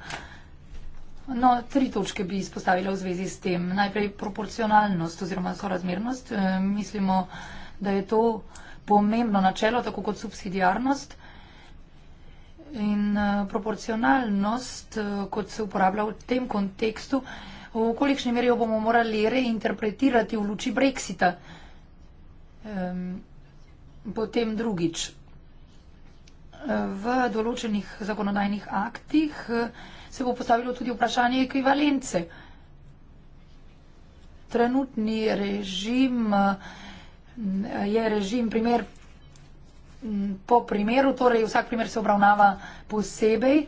No, tri točke bi izpostavila v zvezi s tem. Najprej proporcionalnost oziroma sorazmernost. Eh, mislimo, da je to pomembno načelo, tako kot subsidijarnost. In proporcionalnost, kot se uporablja v tem kontekstu, v kolikšni meri jo bomo morali reinterpretirati v luči Brexita. Um, potem drugič. V določenih zakonodajnih aktih eh, se bo postavilo tudi vprašanje ekvivalence. Trenutni režim eh, je režim primer po primeru, torej vsak primer se obravnava posebej.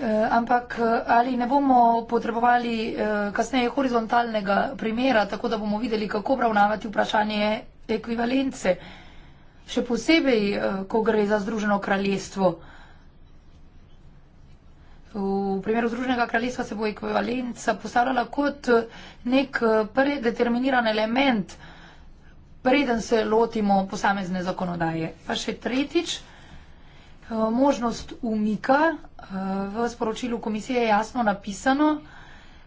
Eh, ampak eh, ali ne bomo potrebovali eh, kasneje horizontalnega primera, tako da bomo videli, kako obravnavati vprašanje ekvivalence, še posebej, ko gre za Združeno kraljestvo. V primeru Združenega kraljestva se bo ekvivalenca postavljala kot nek predeterminiran element, preden se lotimo posamezne zakonodaje. Pa še tretjič. Eh, možnost umika. Eh, v sporočilu komisije je jasno napisano,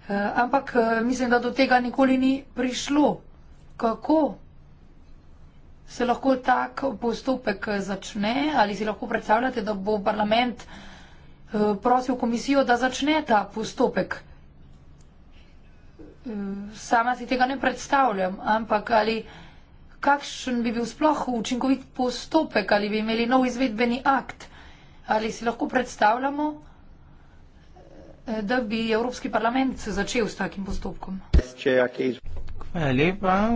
eh, ampak mislim, da do tega nikoli ni prišlo. Kako se lahko tak postopek začne? Ali si lahko predstavljate, da bo parlament prosil komisijo, da začne ta postopek? Sama si tega ne predstavljam, ampak ali kakšen bi bil sploh učinkovit postopek, ali bi imeli nov izvedbeni akt, Ali si lahko predstavljamo, eh, da bi Evropski parlament začel s takim postopkom? Hvala lepa,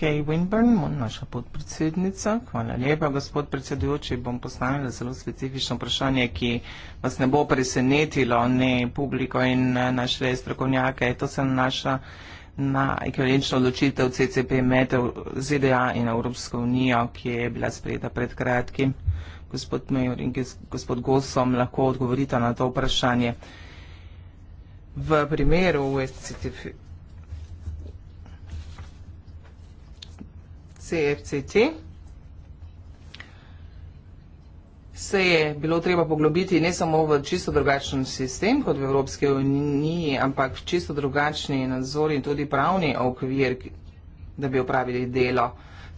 Kay Winburn, naša podpredsednica. Hvala lepa, gospod predsedujoči. Bom postavila zelo specifično vprašanje, ki vas ne bo presenetilo, ne publiko in eh, naše strokovnjake. To se nanaša na ekvivalenčno odločitev CCP med ZDA in Evropsko unijo, ki je bila sprejeta pred kratkim gospod Mejor in gospod Gosom lahko odgovorita na to vprašanje. V primeru CFCT se je bilo treba poglobiti ne samo v čisto drugačen sistem kot v Evropske uniji, ampak čisto drugačni nadzor in tudi pravni okvir, da bi opravili delo.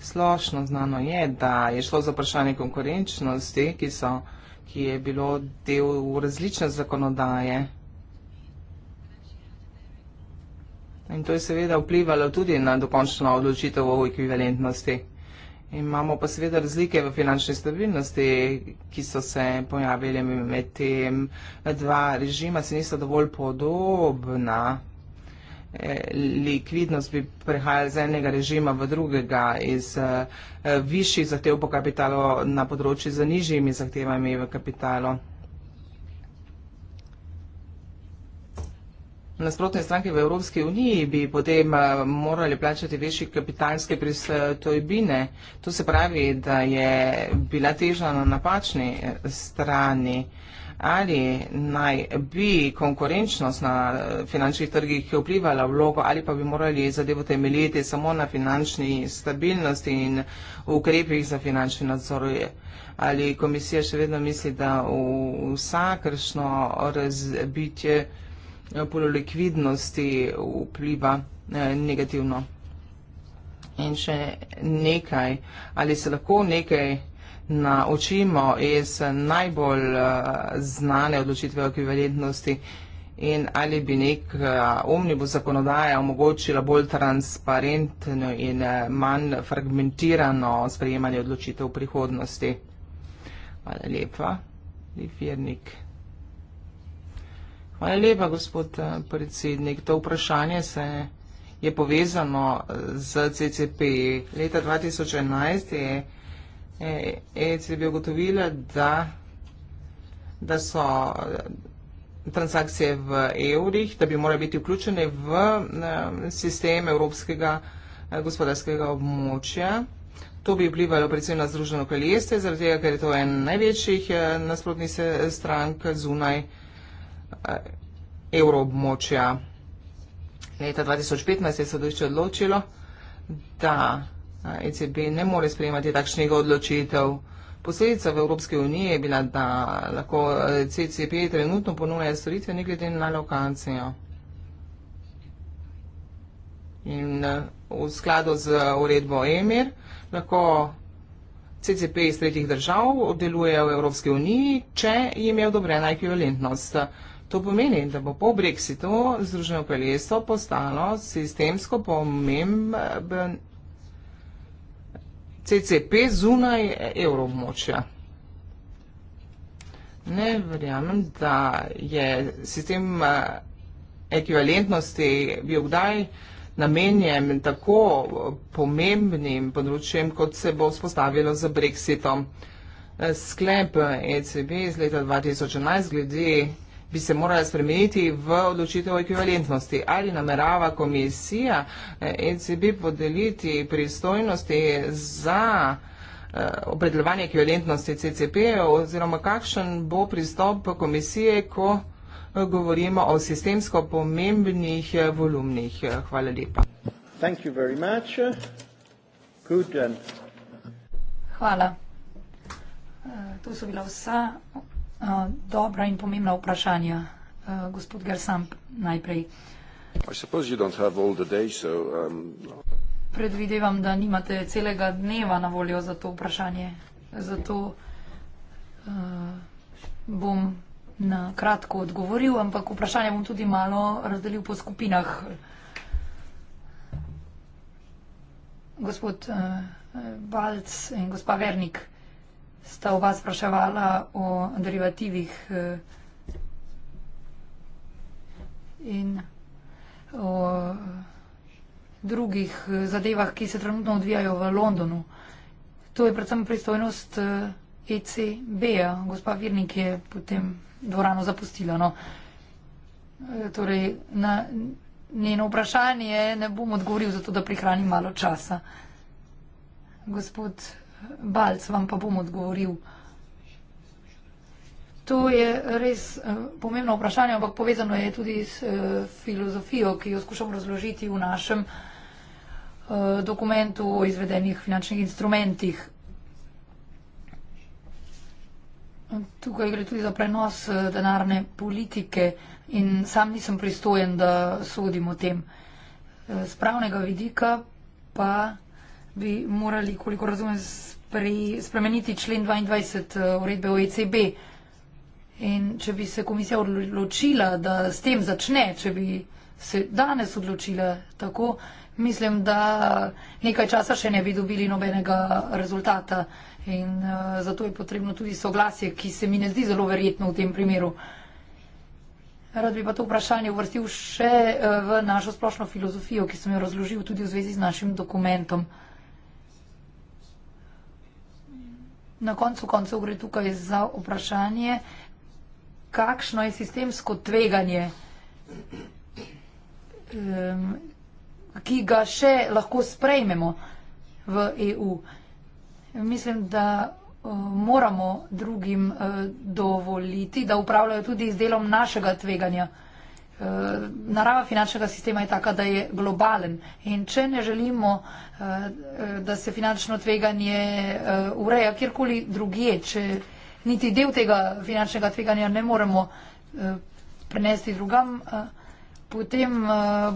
Splošno znano je, da je šlo za vprašanje konkurenčnosti, ki, so, ki je bilo del različne zakonodaje. In to je seveda vplivalo tudi na dokončno odločitev o ekvivalentnosti. Imamo pa seveda razlike v finančni stabilnosti, ki so se pojavili med tem. Dva režima se nista dovolj podobna, Eh, likvidnost bi prehajala iz enega režima v drugega, iz eh, višjih zahtev po kapitalu na področju z nižjimi zahtevami v kapitalu. Nasprotne stranke v Evropski uniji bi potem eh, morali plačati večje kapitalske pristojbine. To se pravi, da je bila teža na napačni strani ali naj bi konkurenčnost na eh, finančnih trgih vplivala vlogo ali pa bi morali zadevo temeljiti samo na finančni stabilnosti in ukrepih za finančni nadzor. Ali komisija še vedno misli, da vsakršno razbitje eh, pololikvidnosti vpliva eh, negativno? In še nekaj, ali se lahko nekaj naučimo iz najbolj eh, znane odločitve o ekvivalentnosti in ali bi nek eh, omnibus zakonodaja omogočila bolj transparentno in eh, manj fragmentirano sprejemanje odločitev v prihodnosti. Hvala lepa, Lifirnik. Hvala lepa, gospod predsednik. To vprašanje se je povezano z CCP. Leta 2011 je ECB je ugotovila, da, da so eh, transakcije v evrih, da bi morali biti vključene v eh, sistem evropskega eh, gospodarskega območja. To bi vplivalo predvsem na Združeno kraljestvo, zaradi tega, ker je to en največjih nasprotnih strank zunaj evroobmočja. Leta 2015 je sodišče odločilo, da ECB ne more sprejemati takšnega odločitev. Posledica v Evropski uniji je bila, da lahko e, CCP trenutno ponuja storitve, ne glede na lokacijo. In e, v skladu z uredbo EMIR lahko CCP iz tretjih držav obdeluje v Evropski uniji, če jim je odobrena ekvivalentnost. To pomeni, da bo po Brexitu Združeno kraljestvo postalo sistemsko pomemben CCP zunaj evroobmočja. Ne verjamem, da je sistem eh, ekvivalentnosti bil kdaj namenjen tako pomembnim področjem, kot se bo spostavilo z Brexitom. Eh, Sklep ECB iz leta 2011 glede bi se morala spremeniti v odločitev o ekvivalentnosti. Ali namerava komisija ECB eh, e podeliti pristojnosti za eh, opredeljevanje ekvivalentnosti CCP oziroma kakšen bo pristop komisije, ko eh, govorimo o sistemsko pomembnih volumnih. Hvala lepa. Um, Hvala. To so bila vsa Eh, dobra in pomembna vprašanja. Uh, gospod Gersamp, najprej. Day, so, um... No. Predvidevam, da nimate celega dneva na voljo za to vprašanje. Zato uh, bom na kratko odgovoril, ampak vprašanje bom tudi malo razdelil po skupinah. Gospod uh, Balc in gospa Vernik sta oba spraševala o derivativih eh, in o drugih eh, zadevah, ki se trenutno odvijajo v Londonu. To je predvsem pristojnost ECB-ja. Eh, e Gospa Virnik je potem dvorano zapustila. No. Torej, na njeno vprašanje ne bom odgovoril, zato da prihranim malo časa. Gospod Balc vam pa bom odgovoril. To je res eh, pomembno vprašanje, ampak povezano je tudi s eh, filozofijo, ki jo skušam razložiti v našem eh, dokumentu o izvedenih finančnih instrumentih. Tukaj gre tudi za prenos denarne politike in sam nisem pristojen, da sodim o tem. Z pravnega vidika pa bi morali, koliko razumem, spremeniti člen 22 eh, uredbe OECB. In če bi se komisija odločila, da s tem začne, če bi se danes odločila tako, mislim, da nekaj časa še ne bi dobili nobenega rezultata. In uh, zato je potrebno tudi soglasje, ki se mi ne zdi zelo verjetno v tem primeru. Rad bi pa to vprašanje uvrstil še uh, v našo splošno filozofijo, ki sem jo razložil tudi v zvezi z našim dokumentom. Uh, Na koncu koncev gre tukaj za vprašanje, kakšno je sistemsko tveganje, ki ga še lahko sprejmemo v EU. Mislim, da eh, moramo drugim eh, dovoliti, da upravljajo tudi z delom našega tveganja. Eh, narava finančnega sistema je taka, da je globalen in če ne želimo, eh, eh, da se finančno tveganje ureja kjerkoli drugje, če niti del tega finančnega tveganja ne moremo prenesti drugam, potem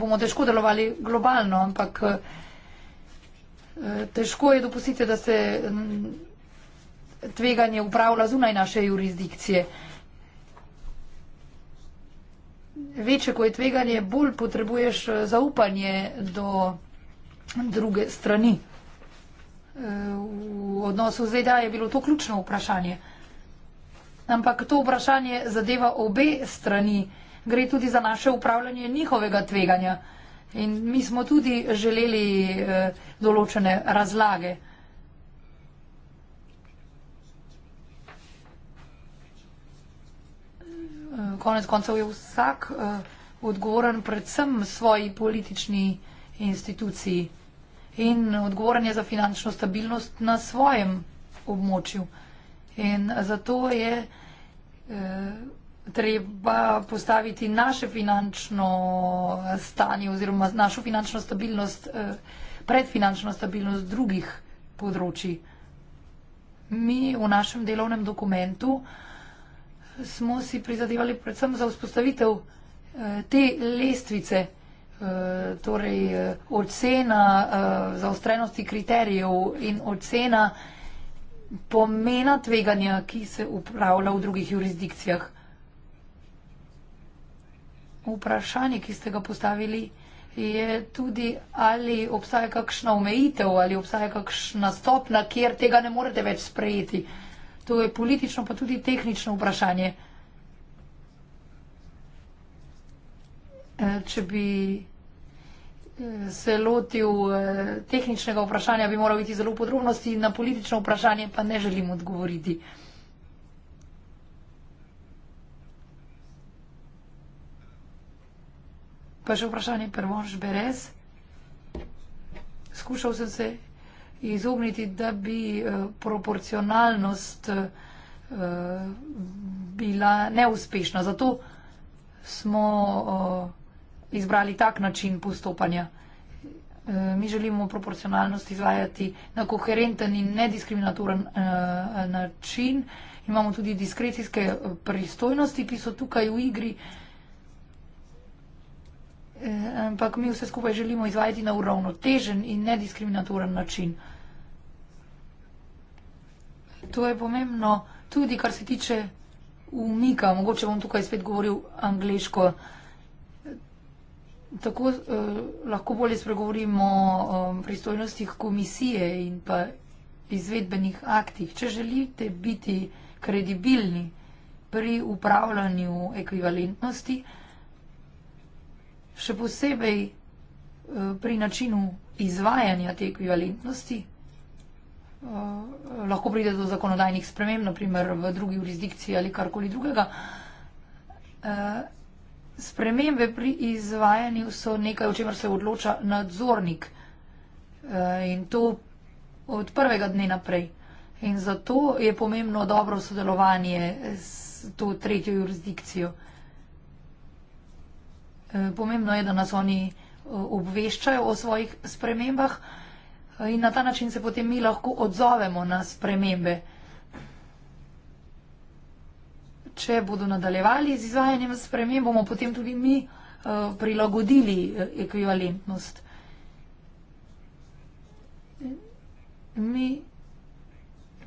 bomo težko delovali globalno, ampak težko je dopustiti, da se mm, tveganje upravlja zunaj naše jurisdikcije večje, ko je tveganje, bolj potrebuješ eh, zaupanje do druge strani. Eh, v odnosu z ZDA je bilo to ključno vprašanje. Ampak to vprašanje zadeva obe strani. Gre tudi za naše upravljanje njihovega tveganja. In mi smo tudi želeli eh, določene razlage. konec koncev je vsak eh, odgovoren predvsem svoji politični instituciji in odgovoren je za finančno stabilnost na svojem območju. In zato je eh, treba postaviti naše finančno stanje oziroma našo finančno stabilnost eh, pred finančno stabilnost drugih področji. Mi v našem delovnem dokumentu uh, smo si prizadevali predvsem za vzpostavitev eh, te lestvice, eh, torej eh, ocena zaostrenosti kriterijev in ocena pomena tveganja, ki se upravlja v drugih jurisdikcijah. Vprašanje, ki ste ga postavili, je tudi, ali obstaja kakšna omejitev, ali obstaja kakšna stopna, kjer tega ne morete več sprejeti. To je politično, pa tudi tehnično vprašanje. Eh, če bi eh, se lotil eh, tehničnega vprašanja, bi moral biti zelo podrobnosti, na politično vprašanje pa ne želim odgovoriti. Pa še vprašanje prvo, Žberez. Skušal sem se izogniti, da bi eh, proporcionalnost eh, bila neuspešna. Zato smo eh, izbrali tak način postopanja. Mi želimo proporcionalnost izvajati na koherenten in nediskriminatoren način. Imamo tudi diskrecijske pristojnosti, ki so tukaj v igri. Eh, ampak mi vse skupaj želimo izvajati na uravnotežen in nediskriminatoren način. To je pomembno tudi, kar se tiče umika. Mogoče bom tukaj spet govoril angliško. Tako eh, lahko bolje spregovorimo o eh, pristojnostih komisije in pa izvedbenih aktih. Če želite biti kredibilni pri upravljanju ekvivalentnosti, eh, še posebej eh, pri načinu izvajanja te ekvivalentnosti, eh, lahko pride do zakonodajnih sprememb, naprimer v drugi jurisdikciji ali karkoli drugega. Eh, spremembe pri izvajanju so nekaj, o čemer se odloča nadzornik in to od prvega dne naprej. In zato je pomembno dobro sodelovanje s to tretjo jurisdikcijo. Eh, pomembno je, da nas oni eh, obveščajo o svojih spremembah eh, in na ta način se potem mi lahko odzovemo na spremembe. Če bodo nadaljevali z izvajanjem sprememb, bomo potem tudi mi prilagodili ekvivalentnost. Mi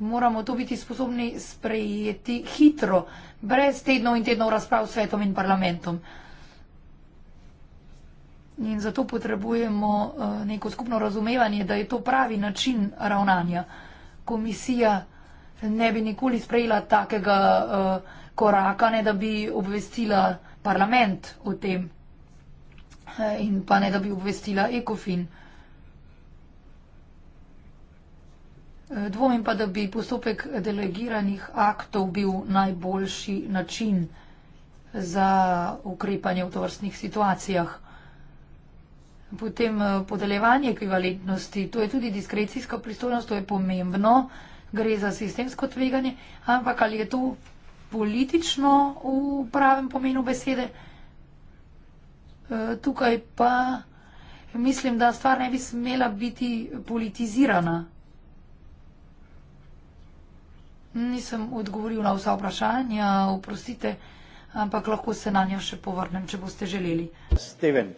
moramo to biti sposobni sprejeti hitro, brez tednov in tednov razprav s svetom in parlamentom. In zato potrebujemo eh, neko skupno razumevanje, da je to pravi način ravnanja. Komisija ne bi nikoli sprejela takega eh, koraka, ne da bi obvestila parlament o tem eh, in pa ne da bi obvestila ECOFIN. Dvomim pa, da bi postopek delegiranih aktov bil najboljši način za ukrepanje v tovrstnih situacijah. Potem eh, podeljevanje ekvivalentnosti, to je tudi diskrecijska pristojnost, to je pomembno, gre za sistemsko tveganje, ampak ali je to politično v pravem pomenu besede? Eh, tukaj pa mislim, da stvar ne bi smela biti politizirana. Nisem odgovoril na vsa vprašanja, oprostite, ampak lahko se na njo še povrnem, če boste želeli. Steven.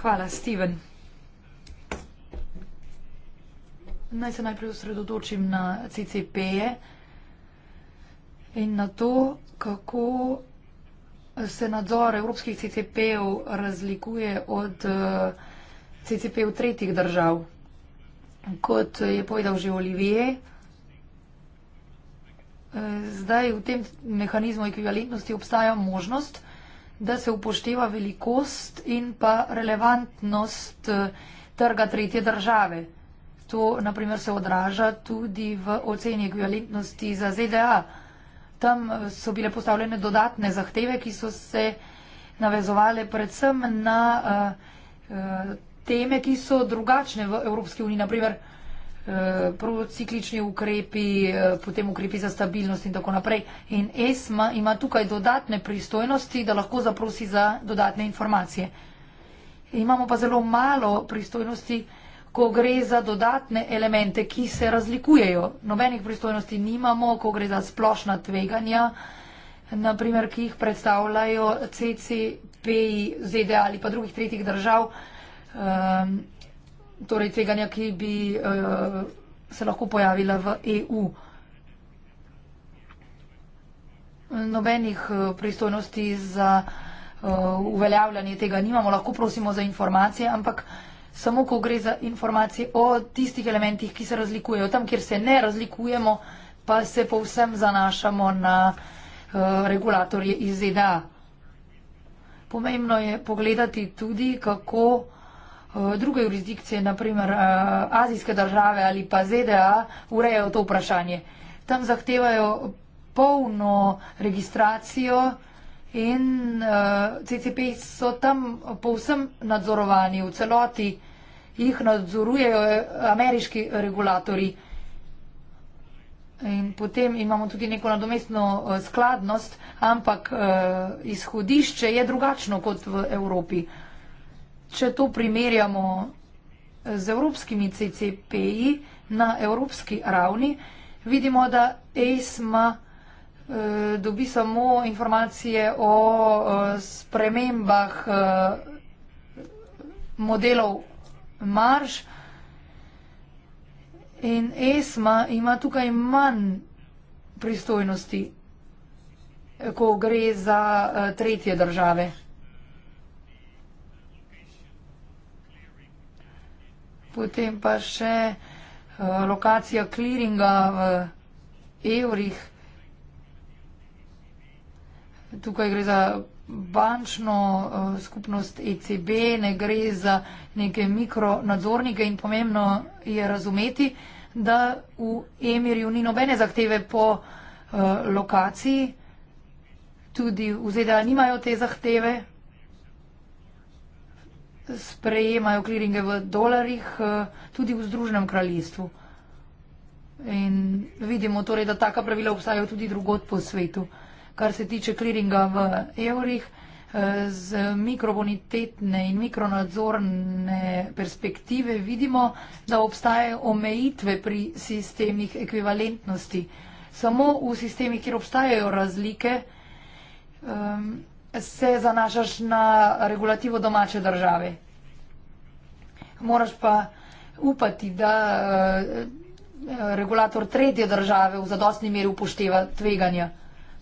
Hvala, Steven. Naj se najprej osredotočim na CCP-je in na to, kako se nadzor evropskih CCP-jev razlikuje od eh, CCP-jev tretjih držav. Kot je povedal že Olivier, eh, zdaj v tem mehanizmu ekvivalentnosti obstaja možnost, da se upošteva velikost in pa relevantnost eh, trga tretje države. To naprimer se odraža tudi v oceni ekvivalentnosti za ZDA. Tam eh, so bile postavljene dodatne zahteve, ki so se navezovale predvsem na uh, uh, teme, ki so drugačne v Evropski uniji. Naprimer, uh, Eh, prociklični ukrepi, eh, potem ukrepi za stabilnost in tako naprej. In ESMA ima tukaj dodatne pristojnosti, da lahko zaprosi za dodatne informacije. Imamo pa zelo malo pristojnosti, ko gre za dodatne elemente, ki se razlikujejo. Nobenih pristojnosti nimamo, ko gre za splošna tveganja, naprimer, ki jih predstavljajo CCP, ZDA ali pa drugih tretjih držav. Um, torej tveganja, ki bi uh, se lahko pojavila v EU. Nobenih eh, pristojnosti za uh, uveljavljanje tega nimamo, lahko prosimo za informacije, ampak samo, ko gre za informacije o tistih elementih, ki se razlikujejo. Tam, kjer se ne razlikujemo, pa se povsem zanašamo na uh, regulatorje iz ZDA. E Pomembno je pogledati tudi, kako. Eh, druge jurisdikcije, naprimer eh, azijske države ali pa ZDA, urejajo to vprašanje. Tam zahtevajo polno registracijo in eh, CCP so tam povsem nadzorovani v celoti, jih nadzorujejo ameriški regulatori. In potem imamo tudi neko nadomestno skladnost, ampak izhodišče je drugačno kot v Evropi če to primerjamo z evropskimi CCP-ji na evropski ravni, vidimo, da ESMA eh, dobi samo informacije o eh, spremembah eh, modelov marž in ESMA ima tukaj manj pristojnosti, ko gre za tretje države. Potem pa še eh, lokacija kliringa v eh, evrih. Tukaj gre za bančno eh, skupnost ECB, ne gre za neke mikronadzornike in pomembno je razumeti, da v Emirju ni nobene zahteve po lokaciji. Tudi v ZDA nimajo te zahteve, sprejemajo kliringe v dolarjih, eh, tudi v Združenem kraljestvu. In vidimo torej, da taka pravila obstajajo tudi drugot po svetu. Kar se tiče kliringa v evrih, eh, z mikrobonitetne in mikronadzorne perspektive vidimo, da obstajajo omejitve pri sistemih ekvivalentnosti. Samo v sistemih, kjer obstajajo razlike, ehm, se zanašaš na regulativo domače države. Moraš pa upati, da eh, eh, regulator tretje države v zadostni meri upošteva tveganja.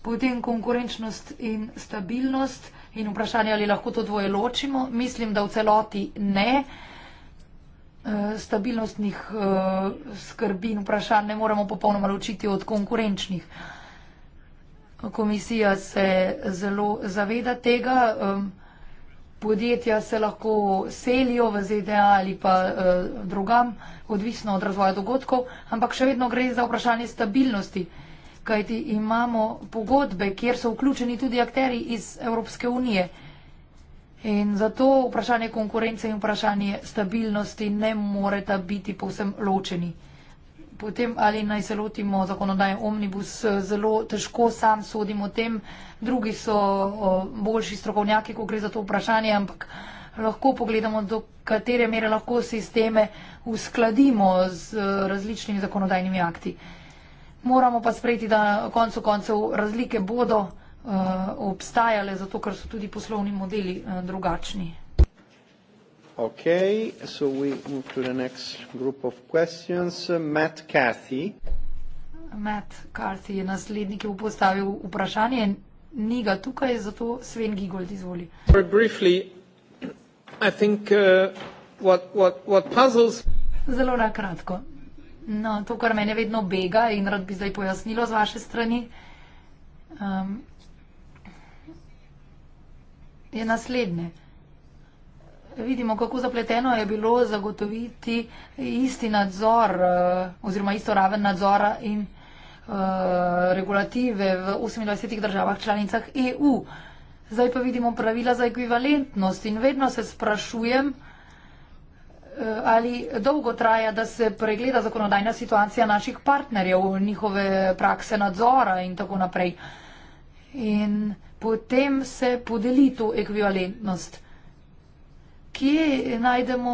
Potem konkurenčnost in stabilnost in vprašanje, ali lahko to dvoje ločimo. Mislim, da v celoti ne. Eh, stabilnostnih skrbi in vprašanj ne moremo popolnoma ločiti od konkurenčnih. Komisija se zelo zaveda tega. Podjetja se lahko selijo v ZDA ali pa eh, drugam, odvisno od razvoja dogodkov, ampak še vedno gre za vprašanje stabilnosti, kajti imamo pogodbe, kjer so vključeni tudi akteri iz Evropske unije. In zato vprašanje konkurence in vprašanje stabilnosti ne moreta biti povsem ločeni potem ali naj se lotimo zakonodaje omnibus, zelo težko sam sodim o tem. Drugi so boljši strokovnjaki, ko gre za to vprašanje, ampak lahko pogledamo, do katere mere lahko sisteme uskladimo z različnimi zakonodajnimi akti. Moramo pa sprejeti, da koncu koncev razlike bodo eh, obstajale, zato ker so tudi poslovni modeli eh, drugačni. Okay, so we move to the next group of questions. Matt Carthy. Matt Carthy je naslednji, ki bo postavil vprašanje. Ni ga tukaj, zato Sven Giegold, izvoli. Briefly, I think, uh, what puzzles- Zelo na kratko. No, to, kar mene vedno bega in rad bi zdaj pojasnilo z vaše strani, um, je naslednje: vidimo, kako zapleteno je bilo zagotoviti isti nadzor eh, oziroma isto raven nadzora in uh, regulative v 28 državah članicah EU. Zdaj pa vidimo pravila za ekvivalentnost in vedno se sprašujem, eh, ali dolgo traja, da se pregleda zakonodajna situacija naših partnerjev, njihove prakse nadzora in tako naprej. In potem se podeli to ekvivalentnost kje najdemo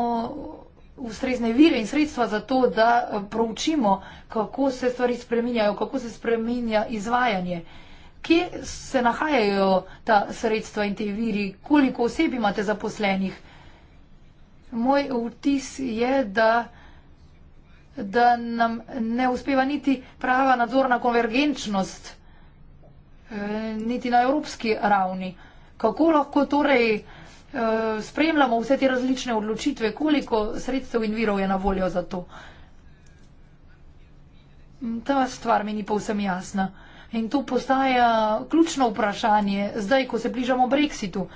ustrezne vire in sredstva za to, da eh, proučimo, kako se stvari spreminjajo, kako se spreminja izvajanje. Kje se nahajajo ta sredstva in te viri, koliko oseb imate zaposlenih? Moj vtis je, da, da nam ne uspeva niti prava nadzorna konvergenčnost, eh, niti na evropski ravni. Kako lahko torej Eh, spremljamo vse te različne odločitve, koliko sredstev in virov je na voljo za to. Mm, ta stvar mi ni povsem jasna. In to postaja ključno vprašanje, zdaj, ko se bližamo Brexitu.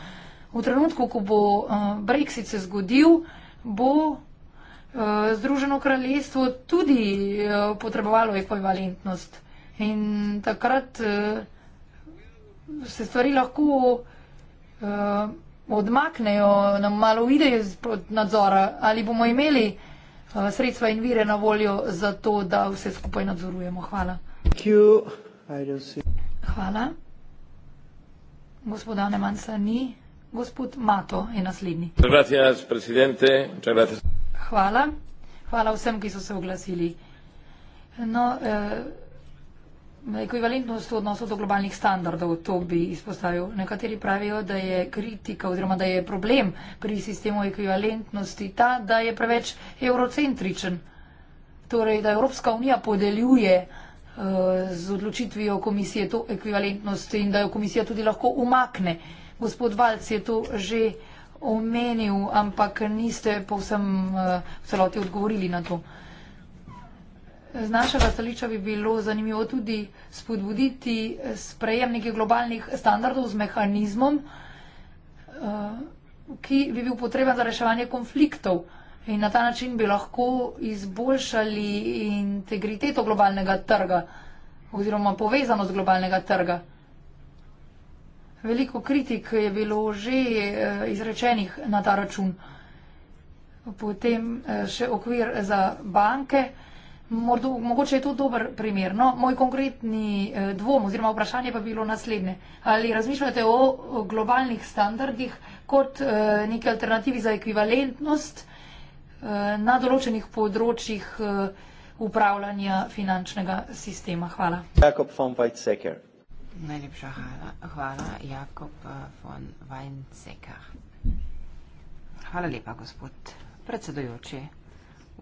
V trenutku, ko bo eh, Brexit se zgodil, bo eh, Združeno kraljestvo tudi potrebovalo ekvivalentnost. In takrat se stvari lahko odmaknejo, nam malo uidejo izpod nadzora, ali bomo imeli uh, sredstva in vire na voljo za to, da vse skupaj nadzorujemo. Hvala. Hvala. Gospoda Nemansa ni. Gospod Mato je naslednji. Hvala. Hvala vsem, ki so se oglasili. No, eh, Ekvivalentnost v odnosu do globalnih standardov, to bi izpostavil. Nekateri pravijo, da je kritika oziroma da je problem pri sistemu ekvivalentnosti ta, da je preveč eurocentričen. Torej, da Evropska unija podeljuje uh, z odločitvijo komisije to ekvivalentnost in da jo komisija tudi lahko umakne. Gospod Valc je to že omenil, ampak niste povsem uh, v celoti odgovorili na to. Uh, Z našega stališča bi bilo zanimivo tudi spodbuditi sprejem nekih globalnih standardov z mehanizmom, eh, ki bi bil potreben za reševanje konfliktov. In na ta način bi lahko izboljšali integriteto globalnega trga oziroma povezanost globalnega trga. Veliko kritik je bilo že eh, izrečenih na ta račun. Potem eh, še okvir za banke. Mordo, mogoče je to dober primer. No, moj konkretni eh, dvom oziroma vprašanje pa bilo naslednje. Ali razmišljate o globalnih standardih kot eh, neki alternativi za ekvivalentnost eh, na določenih področjih upravljanja finančnega sistema? Hvala. Jakob von Weizsäcker. Najlepša hvala. Hvala, Jakob von Weizsäcker. Hvala lepa, gospod predsedujoči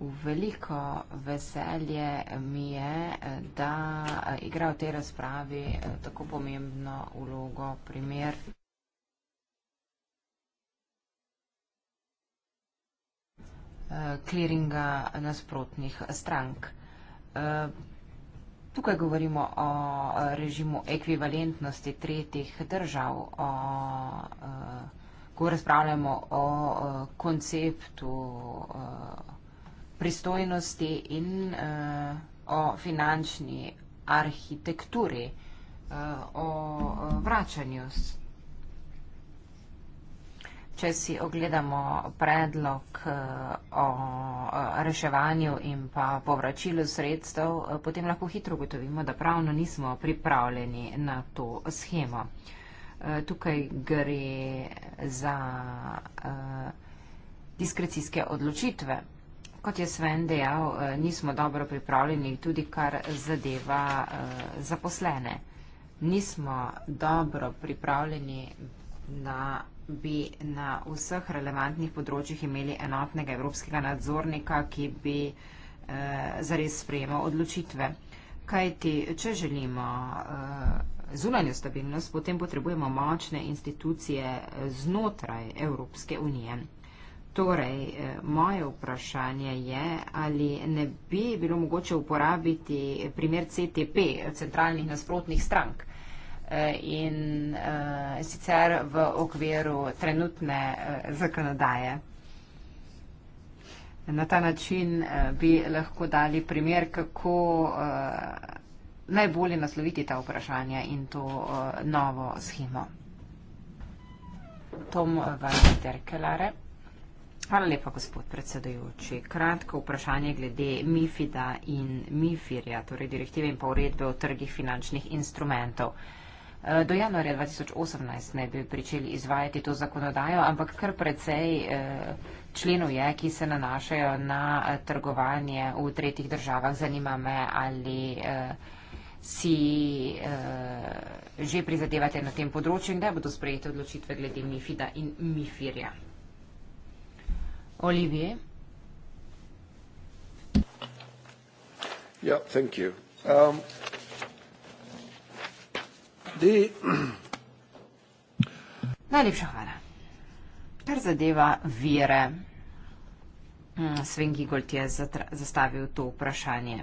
veliko veselje mi je, da igra v tej razpravi eh, tako pomembno vlogo primer. kliringa eh, nasprotnih strank. Eh, tukaj govorimo o režimu ekvivalentnosti tretjih držav, o, ko razpravljamo o konceptu o, pristojnosti in uh, o finančni arhitekturi, uh, o eh, vračanju. Če si ogledamo predlog o reševanju in pa povračilu sredstev, potem lahko hitro gotovimo, da pravno nismo pripravljeni na to schemo. Tukaj gre za diskrecijske odločitve kot je Sven dejal, eh, nismo dobro pripravljeni tudi kar zadeva eh, zaposlene. Nismo dobro pripravljeni, da bi na vseh relevantnih področjih imeli enotnega evropskega nadzornika, ki bi eh, zares sprejemal odločitve. Kajti, če želimo zunanjo stabilnost, potem potrebujemo močne institucije znotraj Evropske unije. Torej, eh, moje vprašanje je, ali ne bi bilo mogoče uporabiti primer CTP, centralnih nasprotnih strank, eh, in eh, sicer v okviru trenutne zakonodaje. Na ta način bi lahko dali primer, kako najbolje nasloviti ta vprašanja in to novo schemo. Tom van der Kelare. Hvala lepa, gospod predsedujoči. Kratko vprašanje glede MIFID-a in MIFIR-ja, torej direktive in pa uredbe o trgih finančnih instrumentov. E, do januarja 2018 ne bi pričeli izvajati to zakonodajo, ampak kar precej e, členov je, ki se nanašajo na e, trgovanje v tretjih državah. Zanima me, ali si že prizadevate na tem področju in da bodo sprejete odločitve glede MIFID-a in MIFIR-ja. Olivier. Yeah, thank you. Um, the... Najlepša hvala. Kar zadeva vire, hm, Sven Gigolt je zastavil to vprašanje.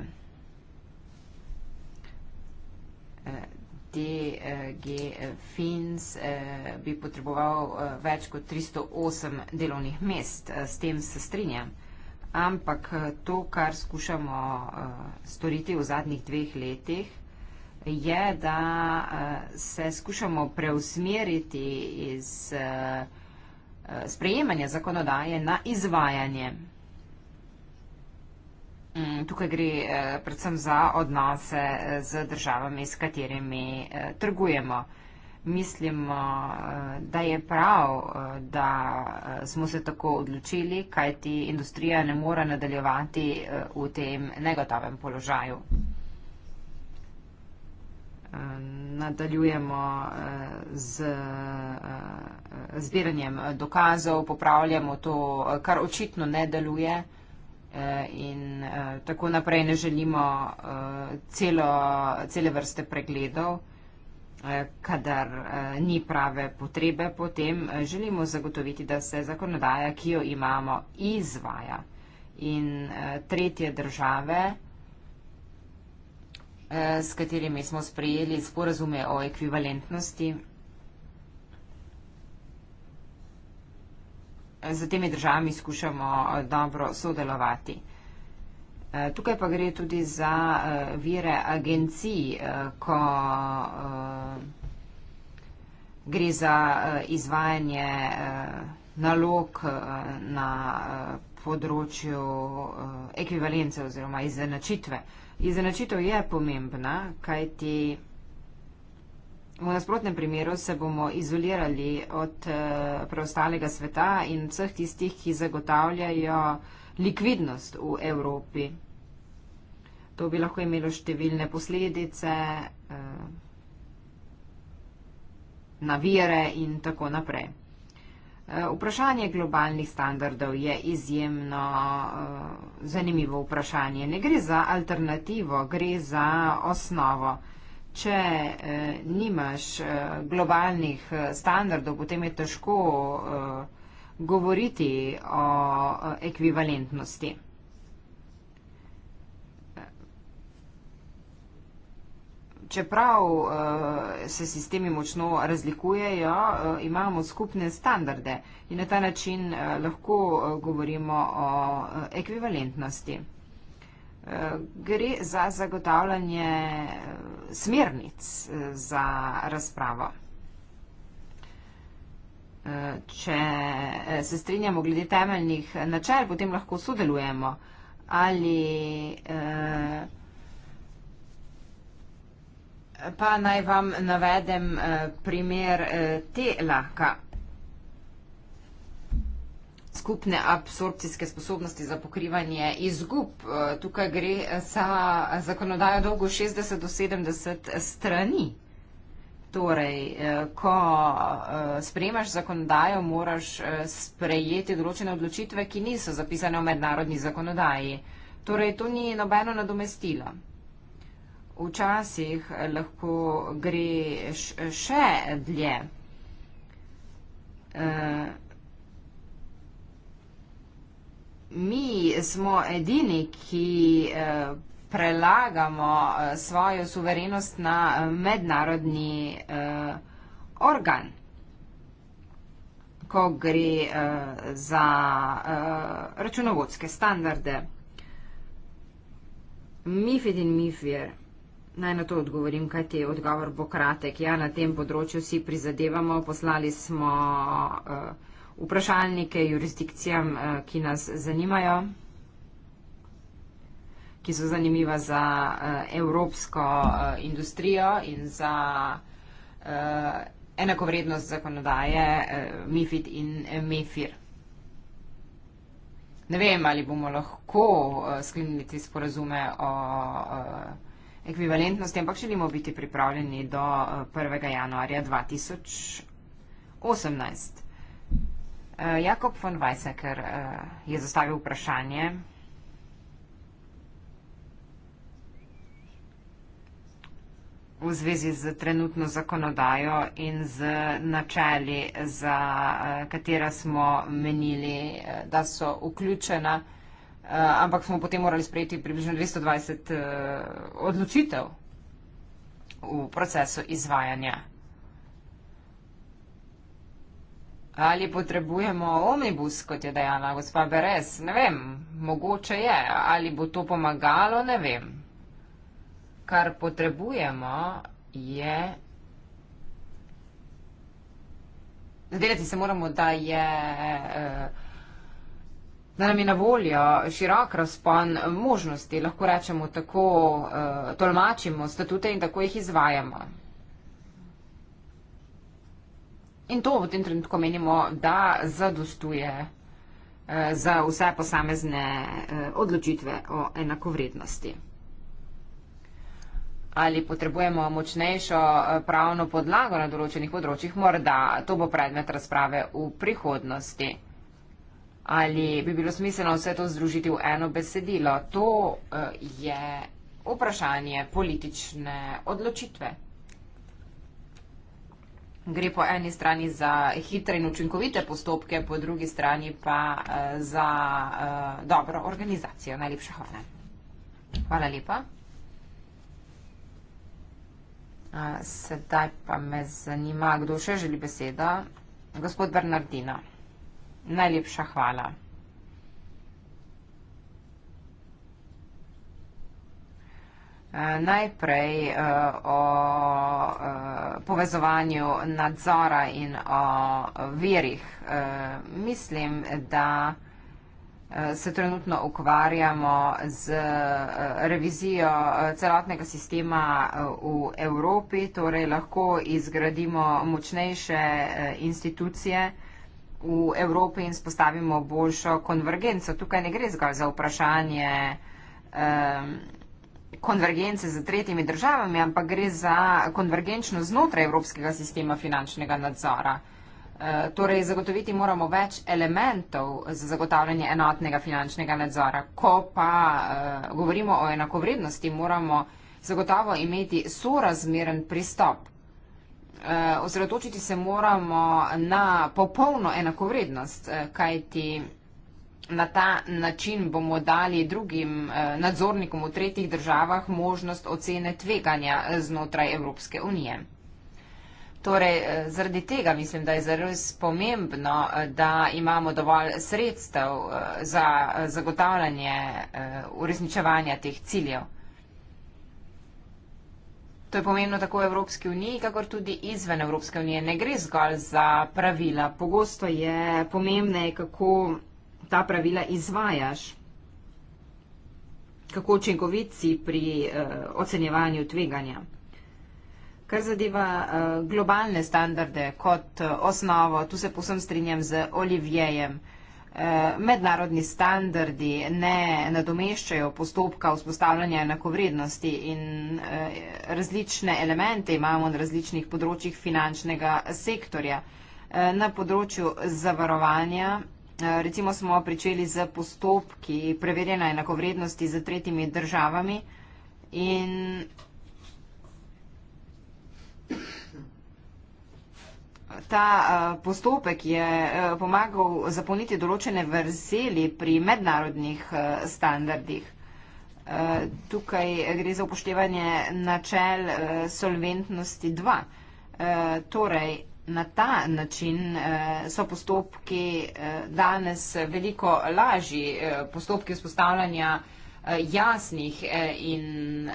Eh, DG eh, eh, Fins eh, bi potreboval več kot 308 delovnih mest. S tem se strinjam. Ampak to, kar skušamo storiti v zadnjih dveh letih, je, da se skušamo preusmeriti iz sprejemanja zakonodaje na izvajanje. Mm, tukaj gre eh, predvsem za odnose eh, z državami, s katerimi eh, trgujemo. Mislimo, da je prav, da smo se tako odločili, kajti industrija ne more nadaljevati v tem negotovem položaju. Nadaljujemo z zbiranjem dokazov, popravljamo to, kar očitno ne deluje. Eh, in eh, tako naprej ne želimo eh, celo, cele vrste pregledov, kadar ni prave potrebe, potem želimo zagotoviti, da se zakonodaja, ki jo imamo, izvaja. In tretje države, s katerimi smo sprejeli sporazume o ekvivalentnosti, z temi državami skušamo eh, dobro sodelovati. Eh, tukaj pa gre tudi za eh, vire agencij, ko gre za izvajanje nalog na področju ekvivalence oziroma izenačitve. Izenačitev je pomembna, kajti V nasprotnem primeru se bomo izolirali od eh, preostalega sveta in vseh tistih, ki zagotavljajo likvidnost v Evropi. To bi lahko imelo številne posledice eh, na vire in tako naprej. Eh, vprašanje globalnih standardov je izjemno zanimivo vprašanje. Ne gre za alternativo, gre za osnovo če eh, nimaš eh, globalnih eh, standardov, potem je težko eh, govoriti o eh, ekvivalentnosti. Čeprav eh, se sistemi močno razlikujejo, eh, imamo skupne standarde in na ta način eh, lahko eh, govorimo o eh, ekvivalentnosti gre za zagotavljanje eh, smernic eh, za razpravo. Eh, če se strinjamo glede temeljnih načel, potem lahko sodelujemo ali pa naj vam navedem primer Telaka skupne absorpcijske sposobnosti za pokrivanje izgub. Eh, tukaj gre za zakonodajo dolgo 60 do 70 strani. Torej, eh, ko eh, sprejmaš zakonodajo, moraš sprejeti določene odločitve, ki niso zapisane v mednarodni zakonodaji. Torej, to ni nobeno nadomestilo. Včasih lahko greš še dlje. Uh, mi smo edini, ki eh, prelagamo eh, svojo suverenost na mednarodni eh, organ. Ko gre uh, za uh, računovodske standarde, MIFID in MIFIR, naj na to odgovorim, kaj ti odgovor bo kratek. Ja, na tem področju si prizadevamo, poslali smo uh, vprašalnike jurisdikcijam, eh, ki nas zanimajo, ki so zanimiva za eh, evropsko eh, industrijo in za enakovrednost zakonodaje MIFID in MEFIR. Ne vem, ali bomo lahko sklenili te sporazume o ekvivalentnosti, ampak želimo biti pripravljeni do 1. januarja 2018. Eh, Jakob von Weisecker eh, je zastavil vprašanje. v zvezi z trenutno zakonodajo in z načeli, za eh, katera smo menili, da so vključena, ampak smo potem morali sprejeti približno 220 odločitev v procesu izvajanja Ali potrebujemo omibus, kot je dejala gospa Beres? Ne vem, mogoče je. Ali bo to pomagalo, ne vem. Kar potrebujemo je. Zdelati se moramo, da je. Eh, da nam je na voljo širok razpon možnosti, lahko rečemo tako, eh, tolmačimo statute in tako jih izvajamo. In to v tem trenutku menimo, da zadostuje eh, za vse posamezne eh, odločitve o enakovrednosti. Ali potrebujemo močnejšo eh, pravno podlago na določenih področjih? Morda to bo predmet razprave v prihodnosti. Ali bi bilo smiselno vse to združiti v eno besedilo? To je vprašanje politične odločitve gre po eni strani za hitre in učinkovite postopke, po drugi strani pa eh, za eh, dobro organizacijo. Najlepša hvala. Hvala lepa. Sedaj pa me zanima, kdo še želi besedo. Gospod Bernardino, najlepša hvala. najprej eh, o eh, povezovanju nadzora in o verjih. Eh, mislim, da se trenutno ukvarjamo z revizijo celotnega sistema v Evropi, torej lahko izgradimo močnejše institucije v Evropi in spostavimo boljšo konvergenco. Tukaj ne gre zgolj za vprašanje um, konvergence z tretjimi državami, ampak gre za konvergenčno znotraj evropskega sistema finančnega nadzora. E, torej, zagotoviti moramo več elementov za zagotavljanje enotnega finančnega nadzora. Ko pa e, govorimo o enakovrednosti, moramo zagotovo imeti sorazmeren pristop. E, osredotočiti se moramo na popolno enakovrednost, kajti Na ta način bomo dali drugim eh, nadzornikom v tretjih državah možnost ocene tveganja eh, znotraj Evropske unije. Torej, eh, zaradi tega mislim, da je zelo pomembno, da imamo dovolj sredstev za zagotavljanje uresničevanja teh ciljev. To je pomembno tako v Evropski uniji, kakor tudi izven Evropske unije. Ne gre zgolj za pravila. Pogosto je pomembne, kako ta pravila izvajaš, kako učinkovit si pri uh, ocenjevanju tveganja. Kar zadeva uh, globalne standarde kot uh, osnovo, tu se posem strinjam z Olivijem, uh, mednarodni standardi ne nadomeščajo postopka vzpostavljanja enakovrednosti in uh, različne elemente imamo na različnih področjih finančnega sektorja. Uh, na področju zavarovanja Eh, recimo smo pričeli z postopki preverjena enakovrednosti z tretjimi državami in ta eh, postopek je eh, pomagal zapolniti določene vrzeli pri mednarodnih standardih. Tukaj gre za upoštevanje načel solventnosti 2. Torej, na ta način eh, so postopki eh, danes veliko lažji, eh, postopki vzpostavljanja jasnih in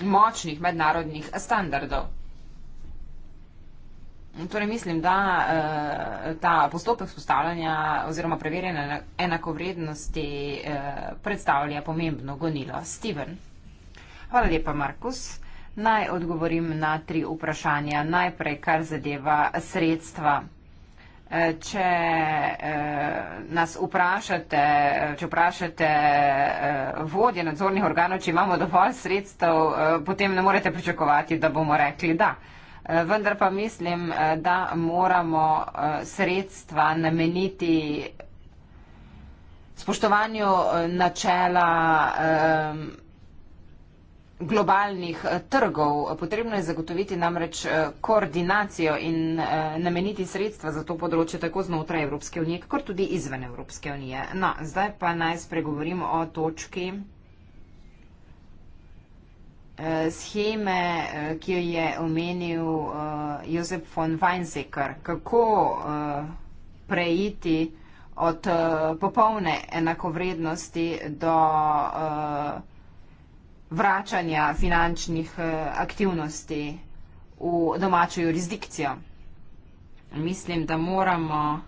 močnih mednarodnih standardov. Torej mislim, da ta postopek vzpostavljanja oziroma preverjanja enakovrednosti predstavlja pomembno gonilo. Steven. Hvala lepa, Markus. Naj odgovorim na tri vprašanja. Najprej, kar zadeva sredstva. Eh, če eh, nas vprašate, eh, če vprašate vodje nadzornih organov, če imamo dovolj sredstev, potem ne morete pričakovati, da bomo rekli da. Vendar pa mislim, da moramo sredstva nameniti spoštovanju načela globalnih eh, trgov. Potrebno je zagotoviti namreč eh, koordinacijo in eh, nameniti sredstva za to področje tako znotraj Evropske unije, kot tudi izven Evropske unije. No, zdaj pa naj spregovorim o točki scheme, ki jo je omenil Josef von Weinsecker. Kako prejiti od popolne enakovrednosti do vsega, vračanja finančnih eh, aktivnosti v domačo jurisdikcijo. Mislim, da moramo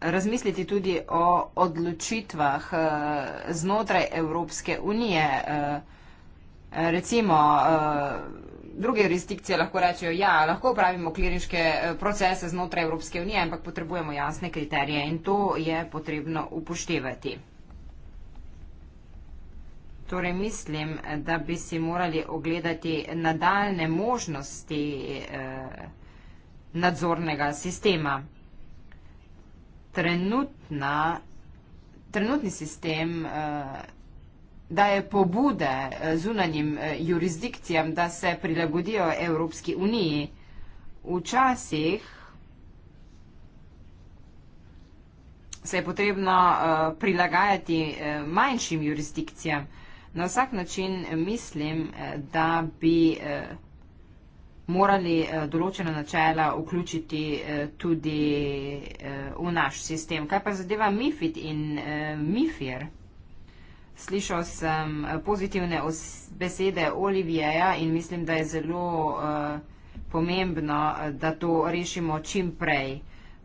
razmisliti tudi o odločitvah eh, znotraj Evropske unije. Eh, recimo, druge jurisdikcije lahko rečejo, ja, lahko upravimo kliniške procese znotraj Evropske unije, ampak potrebujemo jasne kriterije in to je potrebno upoštevati. Torej mislim, da bi si morali ogledati nadaljne možnosti eh, nadzornega sistema. Trenutna, trenutni sistem eh, daje pobude eh, zunanjim eh, jurisdikcijam, da se prilagodijo Evropski uniji. Včasih se je potrebno eh, prilagajati eh, manjšim jurisdikcijam na vsak način eh, mislim, eh, da bi eh, morali določena načela vključiti tudi v naš sistem. Kaj pa zadeva MIFID in MIFIR? Slišal sem pozitivne besede Olivijeja in mislim, da je zelo pomembno, da to rešimo čim prej.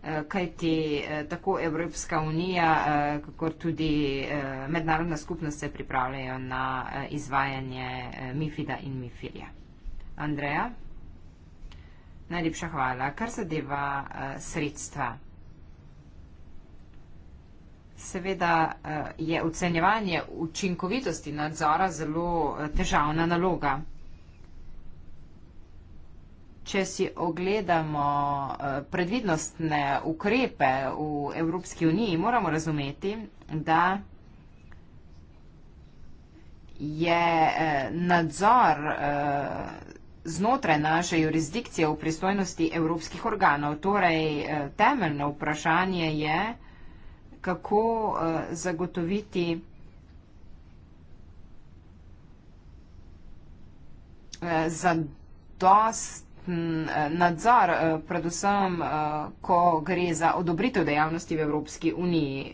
Eh, kajti eh, tako Evropska unija, eh, kakor tudi mednarodna skupnost se pripravljajo na izvajanje MIFID-a in MIFIR-ja. Andreja, najlepša hvala. Kar zadeva sredstva? Seveda je ocenjevanje učinkovitosti nadzora zelo težavna naloga. Če si ogledamo eh, predvidnostne ukrepe v Evropski uniji, moramo razumeti, da je eh, nadzor eh, znotraj naše jurisdikcije v pristojnosti evropskih organov. Torej, temeljno vprašanje je, kako zagotoviti zadost Eh, nadzor, eh, predvsem, eh, ko gre za odobritev dejavnosti v Evropski uniji.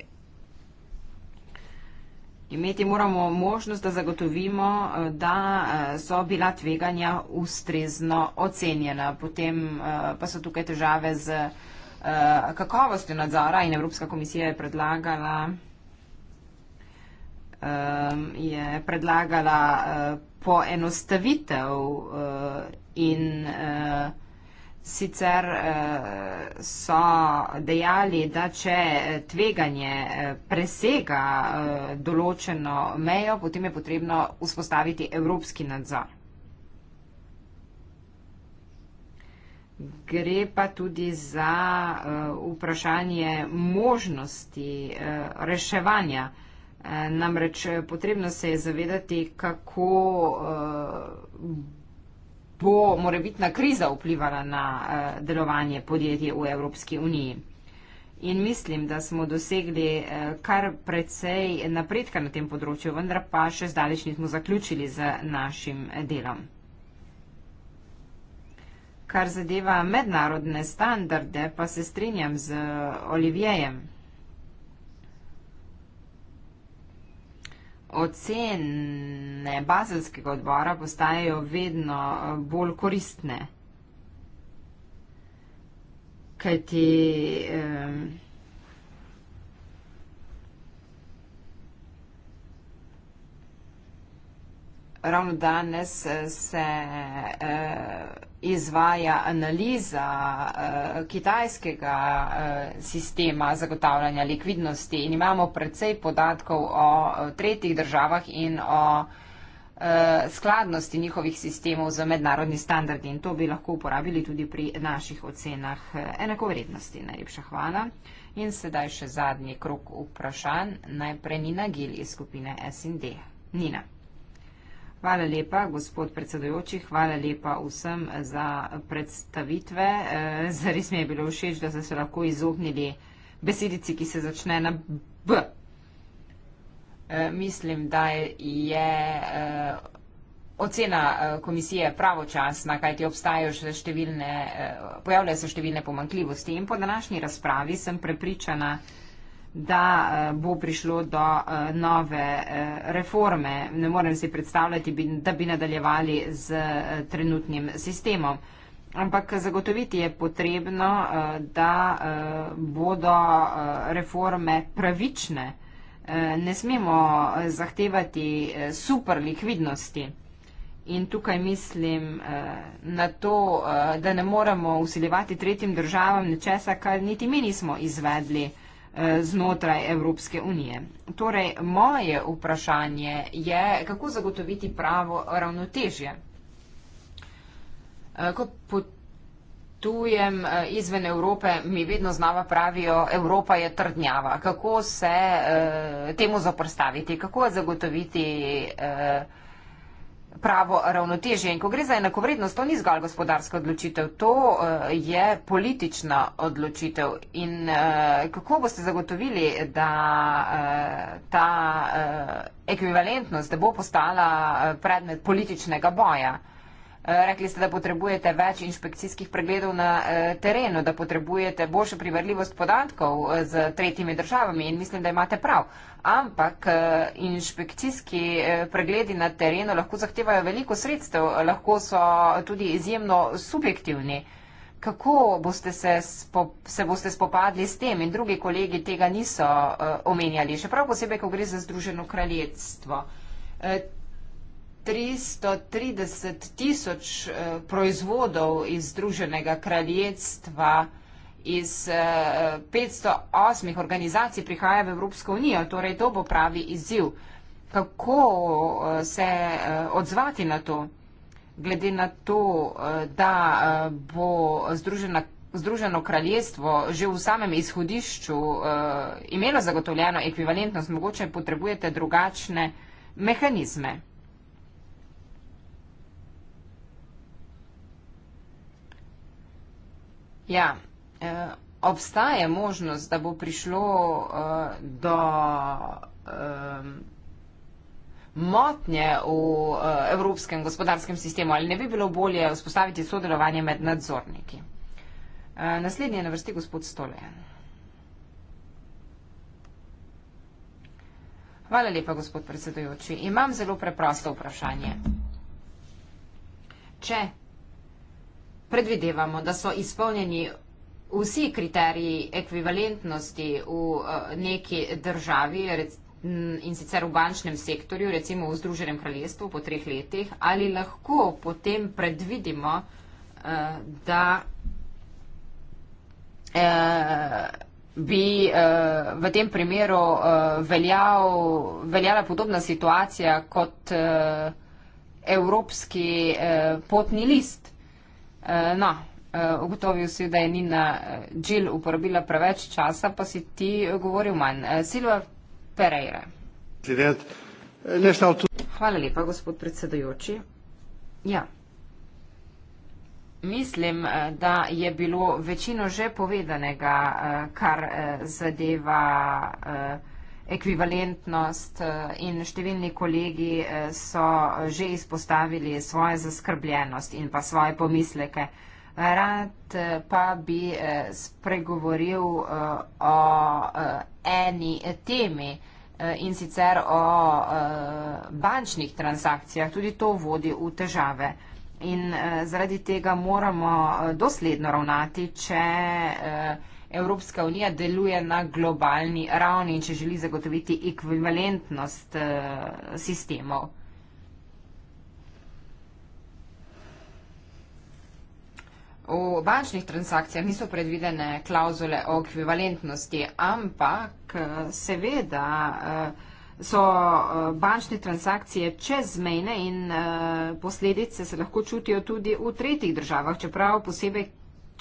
Imeti moramo možnost, da zagotovimo, da so bila tveganja ustrezno ocenjena. Potem pa so tukaj težave z kakovostjo nadzora in Evropska komisija je predlagala, je predlagala poenostavitev In uh, sicer uh, so dejali, da če eh, tveganje presega uh, določeno mejo, potem je potrebno vzpostaviti evropski nadzor. Gre pa tudi za uh, vprašanje možnosti uh, reševanja. Uh, namreč potrebno se je zavedati, kako uh, bo morebitna kriza vplivala na eh, delovanje podjetij v Evropski uniji. In mislim, da smo dosegli eh, kar precej napredka na tem področju, vendar pa še zdaleč nismo zaključili z našim delom. Kar zadeva mednarodne standarde, pa se strinjam z Olivijem. ocene bazelskega odbora postajajo vedno eh, bolj koristne. Kajti. Um, ravno danes eh, se eh, izvaja analiza eh, kitajskega sistema zagotavljanja likvidnosti in imamo precej podatkov o tretjih državah in o skladnosti njihovih sistemov za mednarodni standard in to bi lahko uporabili tudi pri naših ocenah enakovrednosti. Najlepša hvala. In sedaj še zadnji krok vprašanj. Najprej Nina Gil iz skupine S&D. Nina. Hvala lepa, gospod predsedujoči, hvala lepa vsem za predstavitve. Eh, zares mi je bilo všeč, da ste se lahko izognili besedici, ki se začne na B. Eh, mislim, da je eh, ocena komisije pravočasna, kajti obstajajo še številne, pojavljajo se številne pomankljivosti in po današnji razpravi sem prepričana, da eh, bo prišlo do eh, nove eh, reforme. Ne morem si predstavljati, da bi nadaljevali z trenutnim sistemom. Ampak zagotoviti je potrebno, da bodo reforme pravične. Ne smemo zahtevati super likvidnosti. In tukaj mislim na to, da ne moremo usiljevati tretjim državam nečesa, kar niti mi nismo izvedli Eh, znotraj Evropske unije. Torej, moje vprašanje je, kako zagotoviti pravo ravnotežje. Eh, ko potujem eh, izven Evrope, mi vedno znava pravijo, Evropa je trdnjava. Kako se temu zaprstaviti? Kako zagotoviti pravo ravnotežje? pravo ravnotežje. In ko gre za enakovrednost, to ni zgolj gospodarska odločitev, to eh, je politična odločitev. In eh, kako boste zagotovili, da eh, ta ekvivalentnost ne bo postala predmet političnega boja? Eh, rekli ste, da potrebujete več inšpekcijskih pregledov na eh, terenu, da potrebujete boljšo privrljivost podatkov eh, z tretjimi državami in mislim, da imate prav. Ampak inšpekcijski pregledi na terenu lahko zahtevajo veliko sredstev, lahko so tudi izjemno subjektivni. Kako boste se, se boste spopadli s tem in drugi kolegi tega niso omenjali, še prav posebej, ko gre za Združeno kraljestvo? 330 tisoč eh, proizvodov iz Združenega kraljestva, iz 508 eh, organizacij prihaja v Evropsko unijo, torej to bo pravi izziv. Kako eh, se odzvati na to, glede na to, da bo Združena, Združeno kraljestvo že v samem izhodišču imelo zagotovljeno ekvivalentnost, mogoče potrebujete drugačne mehanizme? Ja, eh, obstaja možnost, da bo prišlo eh, do eh, motnje v eh, evropskem gospodarskem sistemu ali ne bi bilo bolje vzpostaviti sodelovanje med nadzorniki. Eh, naslednji je na vrsti gospod Stolen. Hvala lepa, gospod predsedujoči. Imam zelo preprosto vprašanje. Če predvidevamo, da so izpolnjeni vsi kriteriji ekvivalentnosti v eh, neki državi in sicer v bančnem sektorju, recimo v Združenem kraljestvu po treh letih, ali lahko potem predvidimo, eh, da eh, bi v tem primeru veljal, veljala podobna situacija kot evropski potni list. Eh, no, eh, ugotovil si, da je Nina eh, Jill uporabila preveč časa, pa si ti govoril manj. Silva Pereira. Hvala lepa, gospod predsedajoči. Ja. Mislim, da je bilo večino že povedanega, kar zadeva ekvivalentnost eh, in številni kolegi eh, so že izpostavili svojo zaskrbljenost in pa svoje pomisleke. Rad eh, pa bi spregovoril o eni temi in sicer o bančnih transakcijah. Tudi to vodi v težave. In zaradi tega moramo dosledno ravnati, če Evropska unija deluje na globalni ravni in če želi zagotoviti ekvivalentnost eh, sistemov. V bančnih transakcijah niso predvidene klauzule o ekvivalentnosti, ampak eh, seveda eh, so bančne transakcije čezmejne in posledice se lahko čutijo tudi v tretjih državah, čeprav posebej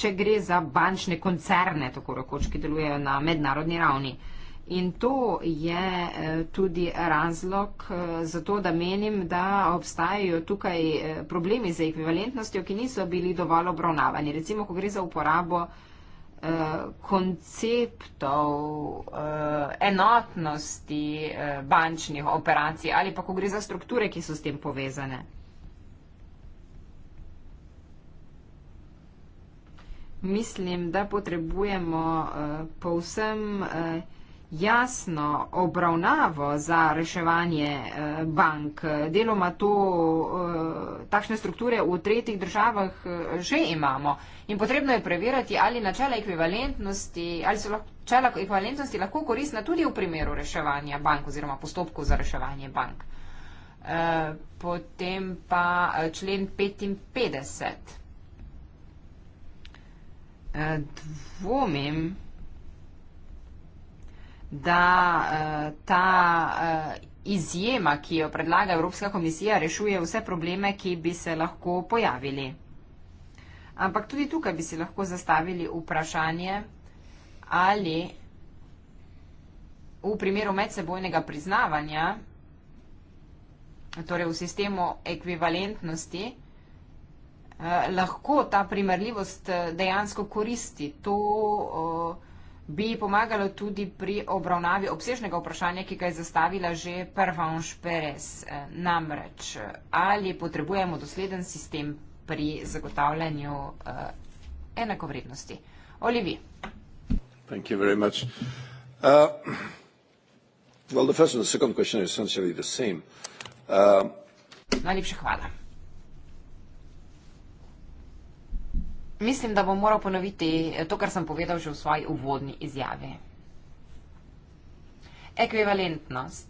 če gre za bančne koncerne, tako rekoč, ki delujejo na mednarodni ravni. In to je eh, tudi razlog eh, za to, da menim, da obstajajo tukaj eh, problemi z ekvivalentnostjo, ki niso bili dovolj obravnavani. Recimo, ko gre za uporabo konceptov enotnosti bančnih operacij ali pa ko gre za strukture, ki so s tem povezane. mislim, da potrebujemo eh, povsem eh, jasno obravnavo za reševanje eh, bank. Deloma to, takšne strukture v tretjih državah že imamo in potrebno je preverjati, ali načela ekvivalentnosti, ali so lahko načela ekvivalentnosti lahko koristna tudi v primeru reševanja bank oziroma postopkov za reševanje bank. Potem pa člen 55. Eh, dvomim, da eh, ta eh, izjema, ki jo predlaga Evropska komisija, rešuje vse probleme, ki bi se lahko pojavili. Ampak tudi tukaj bi si lahko zastavili vprašanje, ali v primeru medsebojnega priznavanja, torej v sistemu ekvivalentnosti, Eh, lahko ta primerljivost eh, dejansko koristi. To eh, bi pomagalo tudi pri obravnavi obsežnega vprašanja, ki ga je zastavila že Pervanš Perez. Namreč, ali potrebujemo dosleden sistem pri zagotavljanju enakovrednosti? Olivi. Thank you very much. Uh, well, the first and the second question are essentially the same. Uh, Najlepša hvala. Mislim, da bom moral ponoviti eh, to, kar sem povedal že v svoji uvodni izjavi. Ekvivalentnost.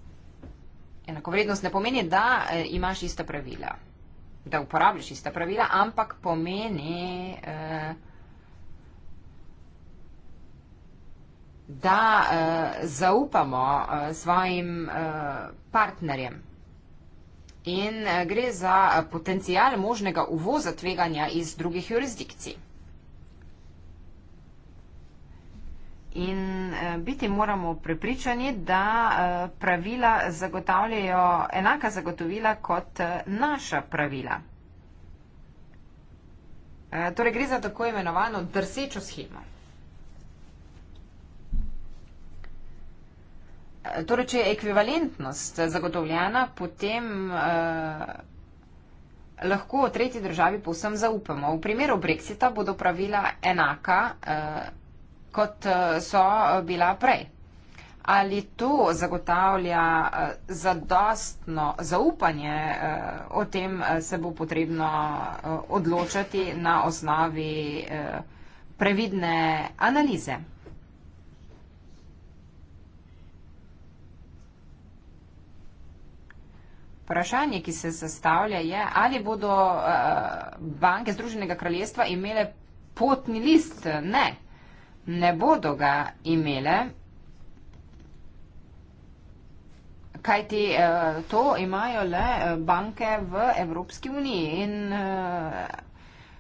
Enakovrednost ne pomeni, da eh, imaš ista pravila, da uporabljaš ista pravila, ampak pomeni, eh, da zaupamo svojim partnerjem in eh, gre za eh, potencijal možnega uvoza tveganja iz drugih jurisdikcij. In eh, biti moramo prepričani, da pravila zagotavljajo enaka zagotovila kot naša pravila. Torej gre za tako imenovano drsečo schemo. Torej, če je ekvivalentnost zagotovljena, potem eh, lahko v tretji državi povsem zaupamo. V primeru Brexita bodo pravila enaka, eh, kot eh, so bila prej. Ali to zagotavlja eh, zadostno zaupanje, eh, o tem se bo potrebno odločati na osnovi previdne analize. Vprašanje, ki se zastavlja, je, ali bodo eh, banke Združenega kraljestva imele potni list. Ne, ne bodo ga imele. Kaj ti eh, to imajo le eh, banke v Evropski uniji in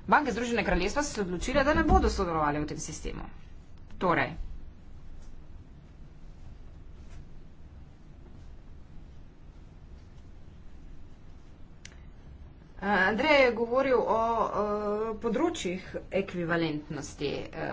banke Združene kraljestva so se odločile, da ne bodo sodelovali v tem sistemu. Torej, Andrej je govoril o uh, področjih ekvivalentnosti. Uh,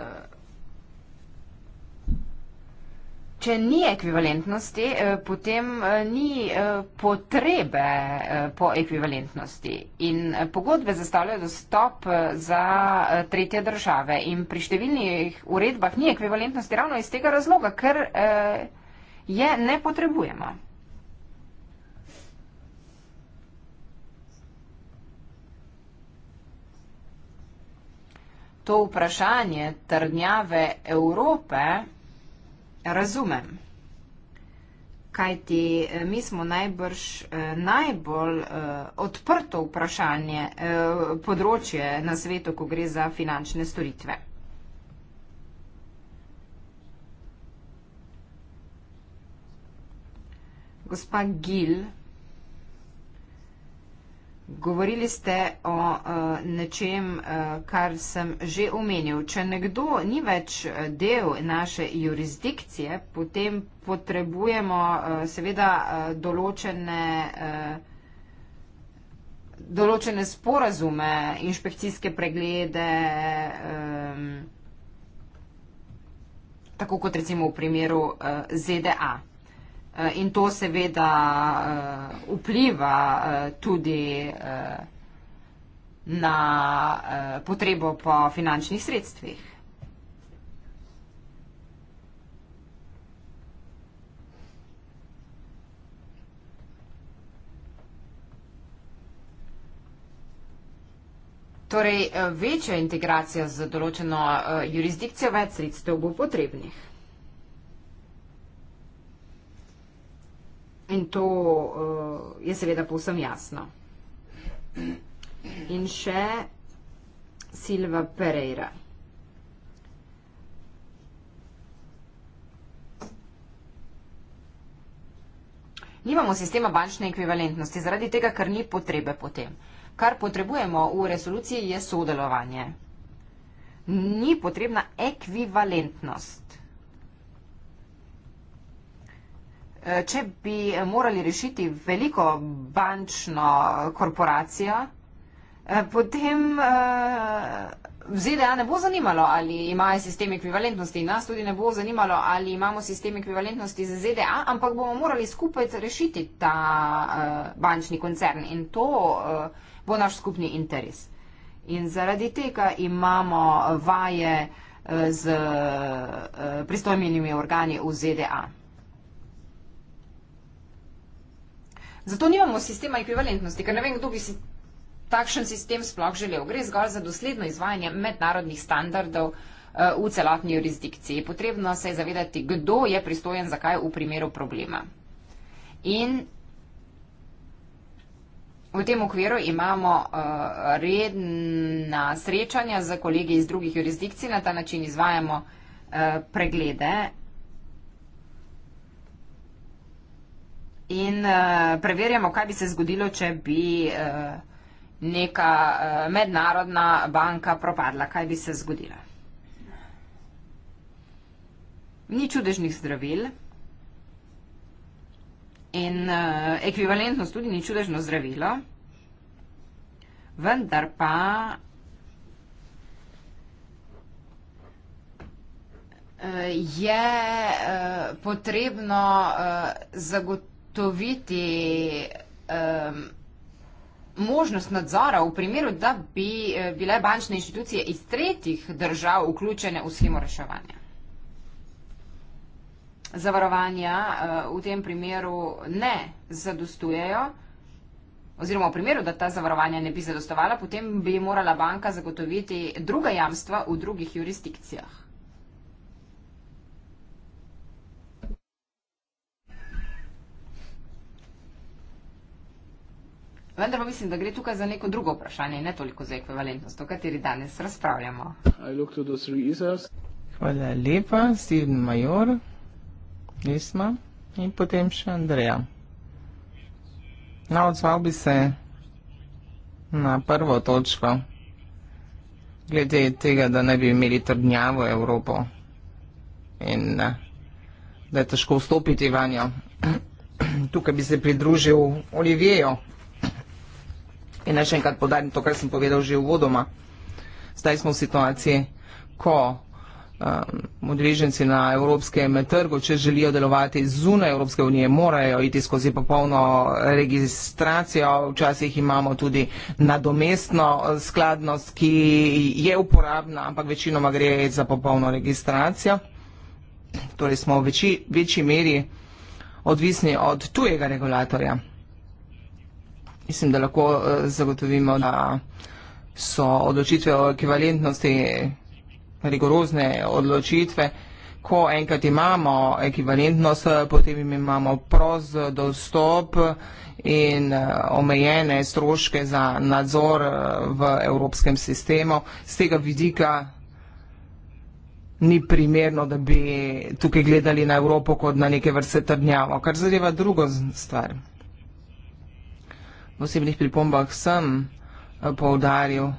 če ni ekvivalentnosti, uh, potem uh, ni uh, potrebe uh, po ekvivalentnosti. In uh, pogodbe zastavljajo dostop uh, za uh, tretje države. In pri številnih uredbah ni ekvivalentnosti ravno iz tega razloga, ker uh, je ne potrebujemo. to vprašanje trdnjave Evrope razumem. Kajti eh, mi smo najbrž eh, najbolj eh, odprto vprašanje, eh, področje na svetu, ko gre za finančne storitve. Gospa Gil, Govorili ste o uh, nečem, uh, kar sem že omenil. Če nekdo ni več e, del naše jurisdikcije, potem potrebujemo uh, seveda uh, določene, uh, določene sporazume, inšpekcijske preglede, um, tako kot recimo v primeru uh, ZDA. Eh, in to seveda eh, vpliva eh, tudi na potrebo po finančnih sredstvih. Torej, večja integracija z določeno jurisdikcijo, več sredstev bo potrebnih. In to uh, je seveda povsem jasno. In še Silva Pereira. Nimamo sistema bančne ekvivalentnosti zaradi tega, ker ni potrebe potem. Kar potrebujemo v resoluciji je sodelovanje. Ni potrebna ekvivalentnost. Eh, če bi morali rešiti veliko bančno korporacijo, eh, potem eh, ZDA ne bo zanimalo, ali imajo sistem ekvivalentnosti. Nas tudi ne bo zanimalo, ali imamo sistem ekvivalentnosti z ZDA, ampak bomo morali skupaj rešiti ta bančni koncern in to bo naš skupni interes. In zaradi tega imamo vaje z pristojnimi organi v ZDA. Zato nimamo sistema ekvivalentnosti, ker ne vem, kdo bi si takšen sistem sploh želel. Gre zgolj za dosledno izvajanje mednarodnih standardov eh, v celotni jurisdikciji. Potrebno se je zavedati, kdo je pristojen za kaj v primeru problema. In v tem okviru imamo eh, redna srečanja z kolegi iz drugih jurisdikcij, na ta način izvajamo eh, preglede in uh, preverjamo, kaj bi se zgodilo, če bi uh, neka uh, mednarodna banka propadla. Kaj bi se zgodilo? Ni čudežnih zdravil in uh, ekvivalentnost tudi ni čudežno zdravilo, vendar pa. Je uh, potrebno uh, zagotoviti zagotoviti um, možnost nadzora v primeru, da bi eh, bile bančne inštitucije iz tretjih držav vključene v schemo reševanja. Zavarovanja uh, v tem primeru ne zadostujejo, oziroma v primeru, da ta zavarovanja ne bi zadostovala, potem bi morala banka zagotoviti druga jamstva v drugih jurisdikcijah. Vendar pa mislim, da gre tukaj za neko drugo vprašanje, ne toliko za ekvivalentnost, o kateri danes razpravljamo. Hvala lepa, Steven Major, Isma in potem še Andreja. No, odzval bi se na prvo točko, glede tega, da ne bi imeli trdnjavo Evropo in eh, da je težko vstopiti vanjo. Tukaj bi se pridružil Olivijo. In naj še enkrat podarim to, kar sem povedal že v vodoma. Zdaj smo v situaciji, ko um, odreženci na evropskem trgu, če želijo delovati zunaj Evropske unije, morajo iti skozi popolno registracijo. Včasih imamo tudi nadomestno skladnost, ki je uporabna, ampak večinoma gre za popolno registracijo. Torej smo v večji, večji meri odvisni od tujega regulatorja. Mislim, da lahko eh, zagotovimo, da so odločitve o ekvivalentnosti rigorozne odločitve. Ko enkrat imamo ekvivalentnost, eh, potem imamo prost dostop in eh, omejene stroške za nadzor v evropskem sistemu. Z tega vidika ni primerno, da bi tukaj gledali na Evropo kot na neke vrste trdnjavo. Kar zadeva drugo stvar v osebnih pripombah sem eh, poudaril,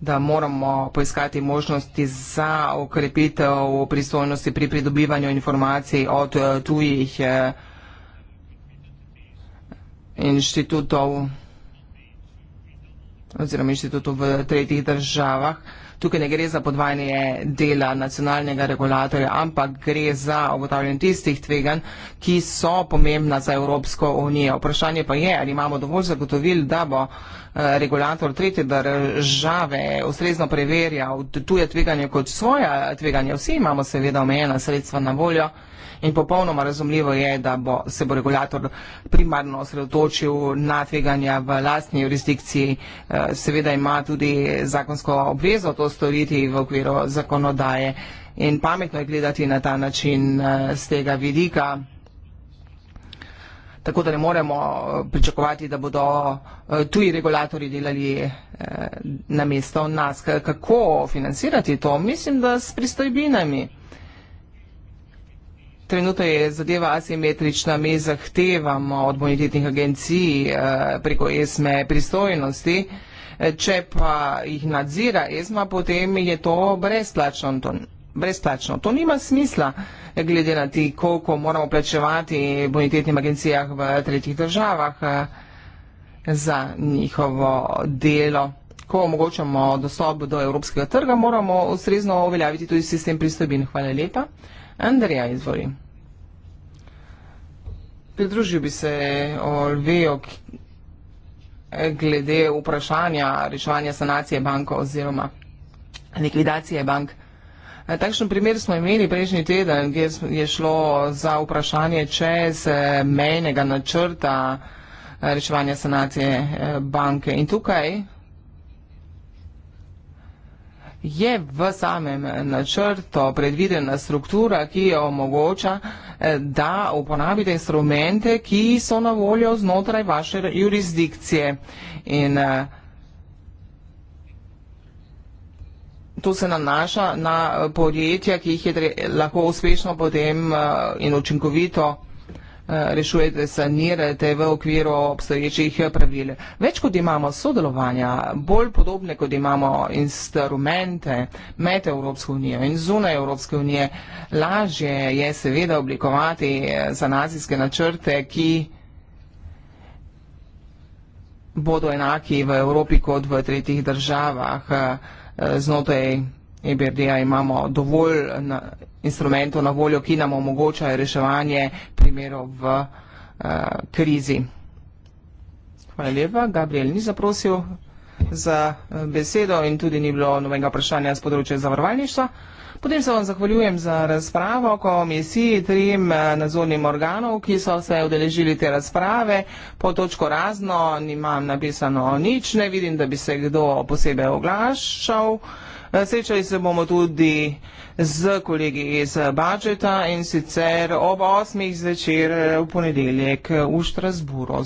da moramo poiskati možnosti za okrepitev pristojnosti pri pridobivanju informacij od eh, tujih eh, inštitutov oziroma inštitutov v tretjih državah tukaj ne gre za podvajanje dela nacionalnega regulatorja, ampak gre za ugotavljanje tistih tveganj, ki so pomembna za Evropsko unijo. Vprašanje pa je, ali imamo dovolj zagotovil, da bo eh, regulator tretje države ustrezno preverjal tuje tveganje kot svoje tveganje. Vsi imamo seveda omejena sredstva na voljo. In popolnoma razumljivo je, da bo, se bo regulator primarno osredotočil na tveganja v lastni jurisdikciji. Eh, seveda ima tudi zakonsko obvezo to storiti v okviru zakonodaje in pametno je gledati na ta način z eh, tega vidika. Tako da ne moremo eh, pričakovati, da bodo tuji regulatori delali na mesto nas. Kako financirati to? Mislim, da s pristojbinami. Trenutno je zadeva asimetrična, mi zahtevamo od bonitetnih agencij eh, preko ESME pristojnosti, eh, če pa jih nadzira ESMA, potem je to brezplačno. To, brezplačno. to nima smisla, eh, glede na ti, koliko moramo plačevati bonitetnim agencijah v tretjih državah za njihovo delo. Ko omogočamo dostop do evropskega trga, moramo ustrezno uveljaviti tudi sistem pristojbin. Hvala lepa. Andrej, izvoli. Pridružil bi se Olvejo glede vprašanja reševanja sanacije banko oziroma likvidacije bank. E, takšen primer smo imeli prejšnji teden, kjer je šlo za vprašanje čez e, mejnega načrta e, reševanja sanacije banke. In tukaj je v samem načrtu predvidena struktura, ki jo omogoča, eh, da uporabite instrumente, ki so na voljo znotraj vaše jurisdikcije. In eh, to se nanaša na podjetja, ki jih je lahko uspešno potem eh, in učinkovito vsega. Eh, rešujete, sanirate v okviru obstoječih pravil. Več kot imamo sodelovanja, bolj podobne kot imamo instrumente med Evropsko unijo in zunaj Evropske unije, lažje je seveda oblikovati eh, sanacijske načrte, ki bodo enaki v Evropi kot v tretjih državah. Eh, znotraj EBRD-a imamo dovolj instrumentov na voljo, ki nam omogočajo reševanje primerov v uh, krizi. Hvala lepa. Gabriel ni zaprosil za eh, besedo in tudi ni bilo novega vprašanja z področja zavarovalništva. Potem se vam zahvaljujem za razpravo komisiji trim eh, nadzornim organov, ki so se udeležili te razprave. Po točko razno nimam napisano nič, ne vidim, da bi se kdo posebej oglašal. Srečali se bomo tudi z kolegi iz Bačeta in sicer ob 8. zvečer v ponedeljek v Štrasburu.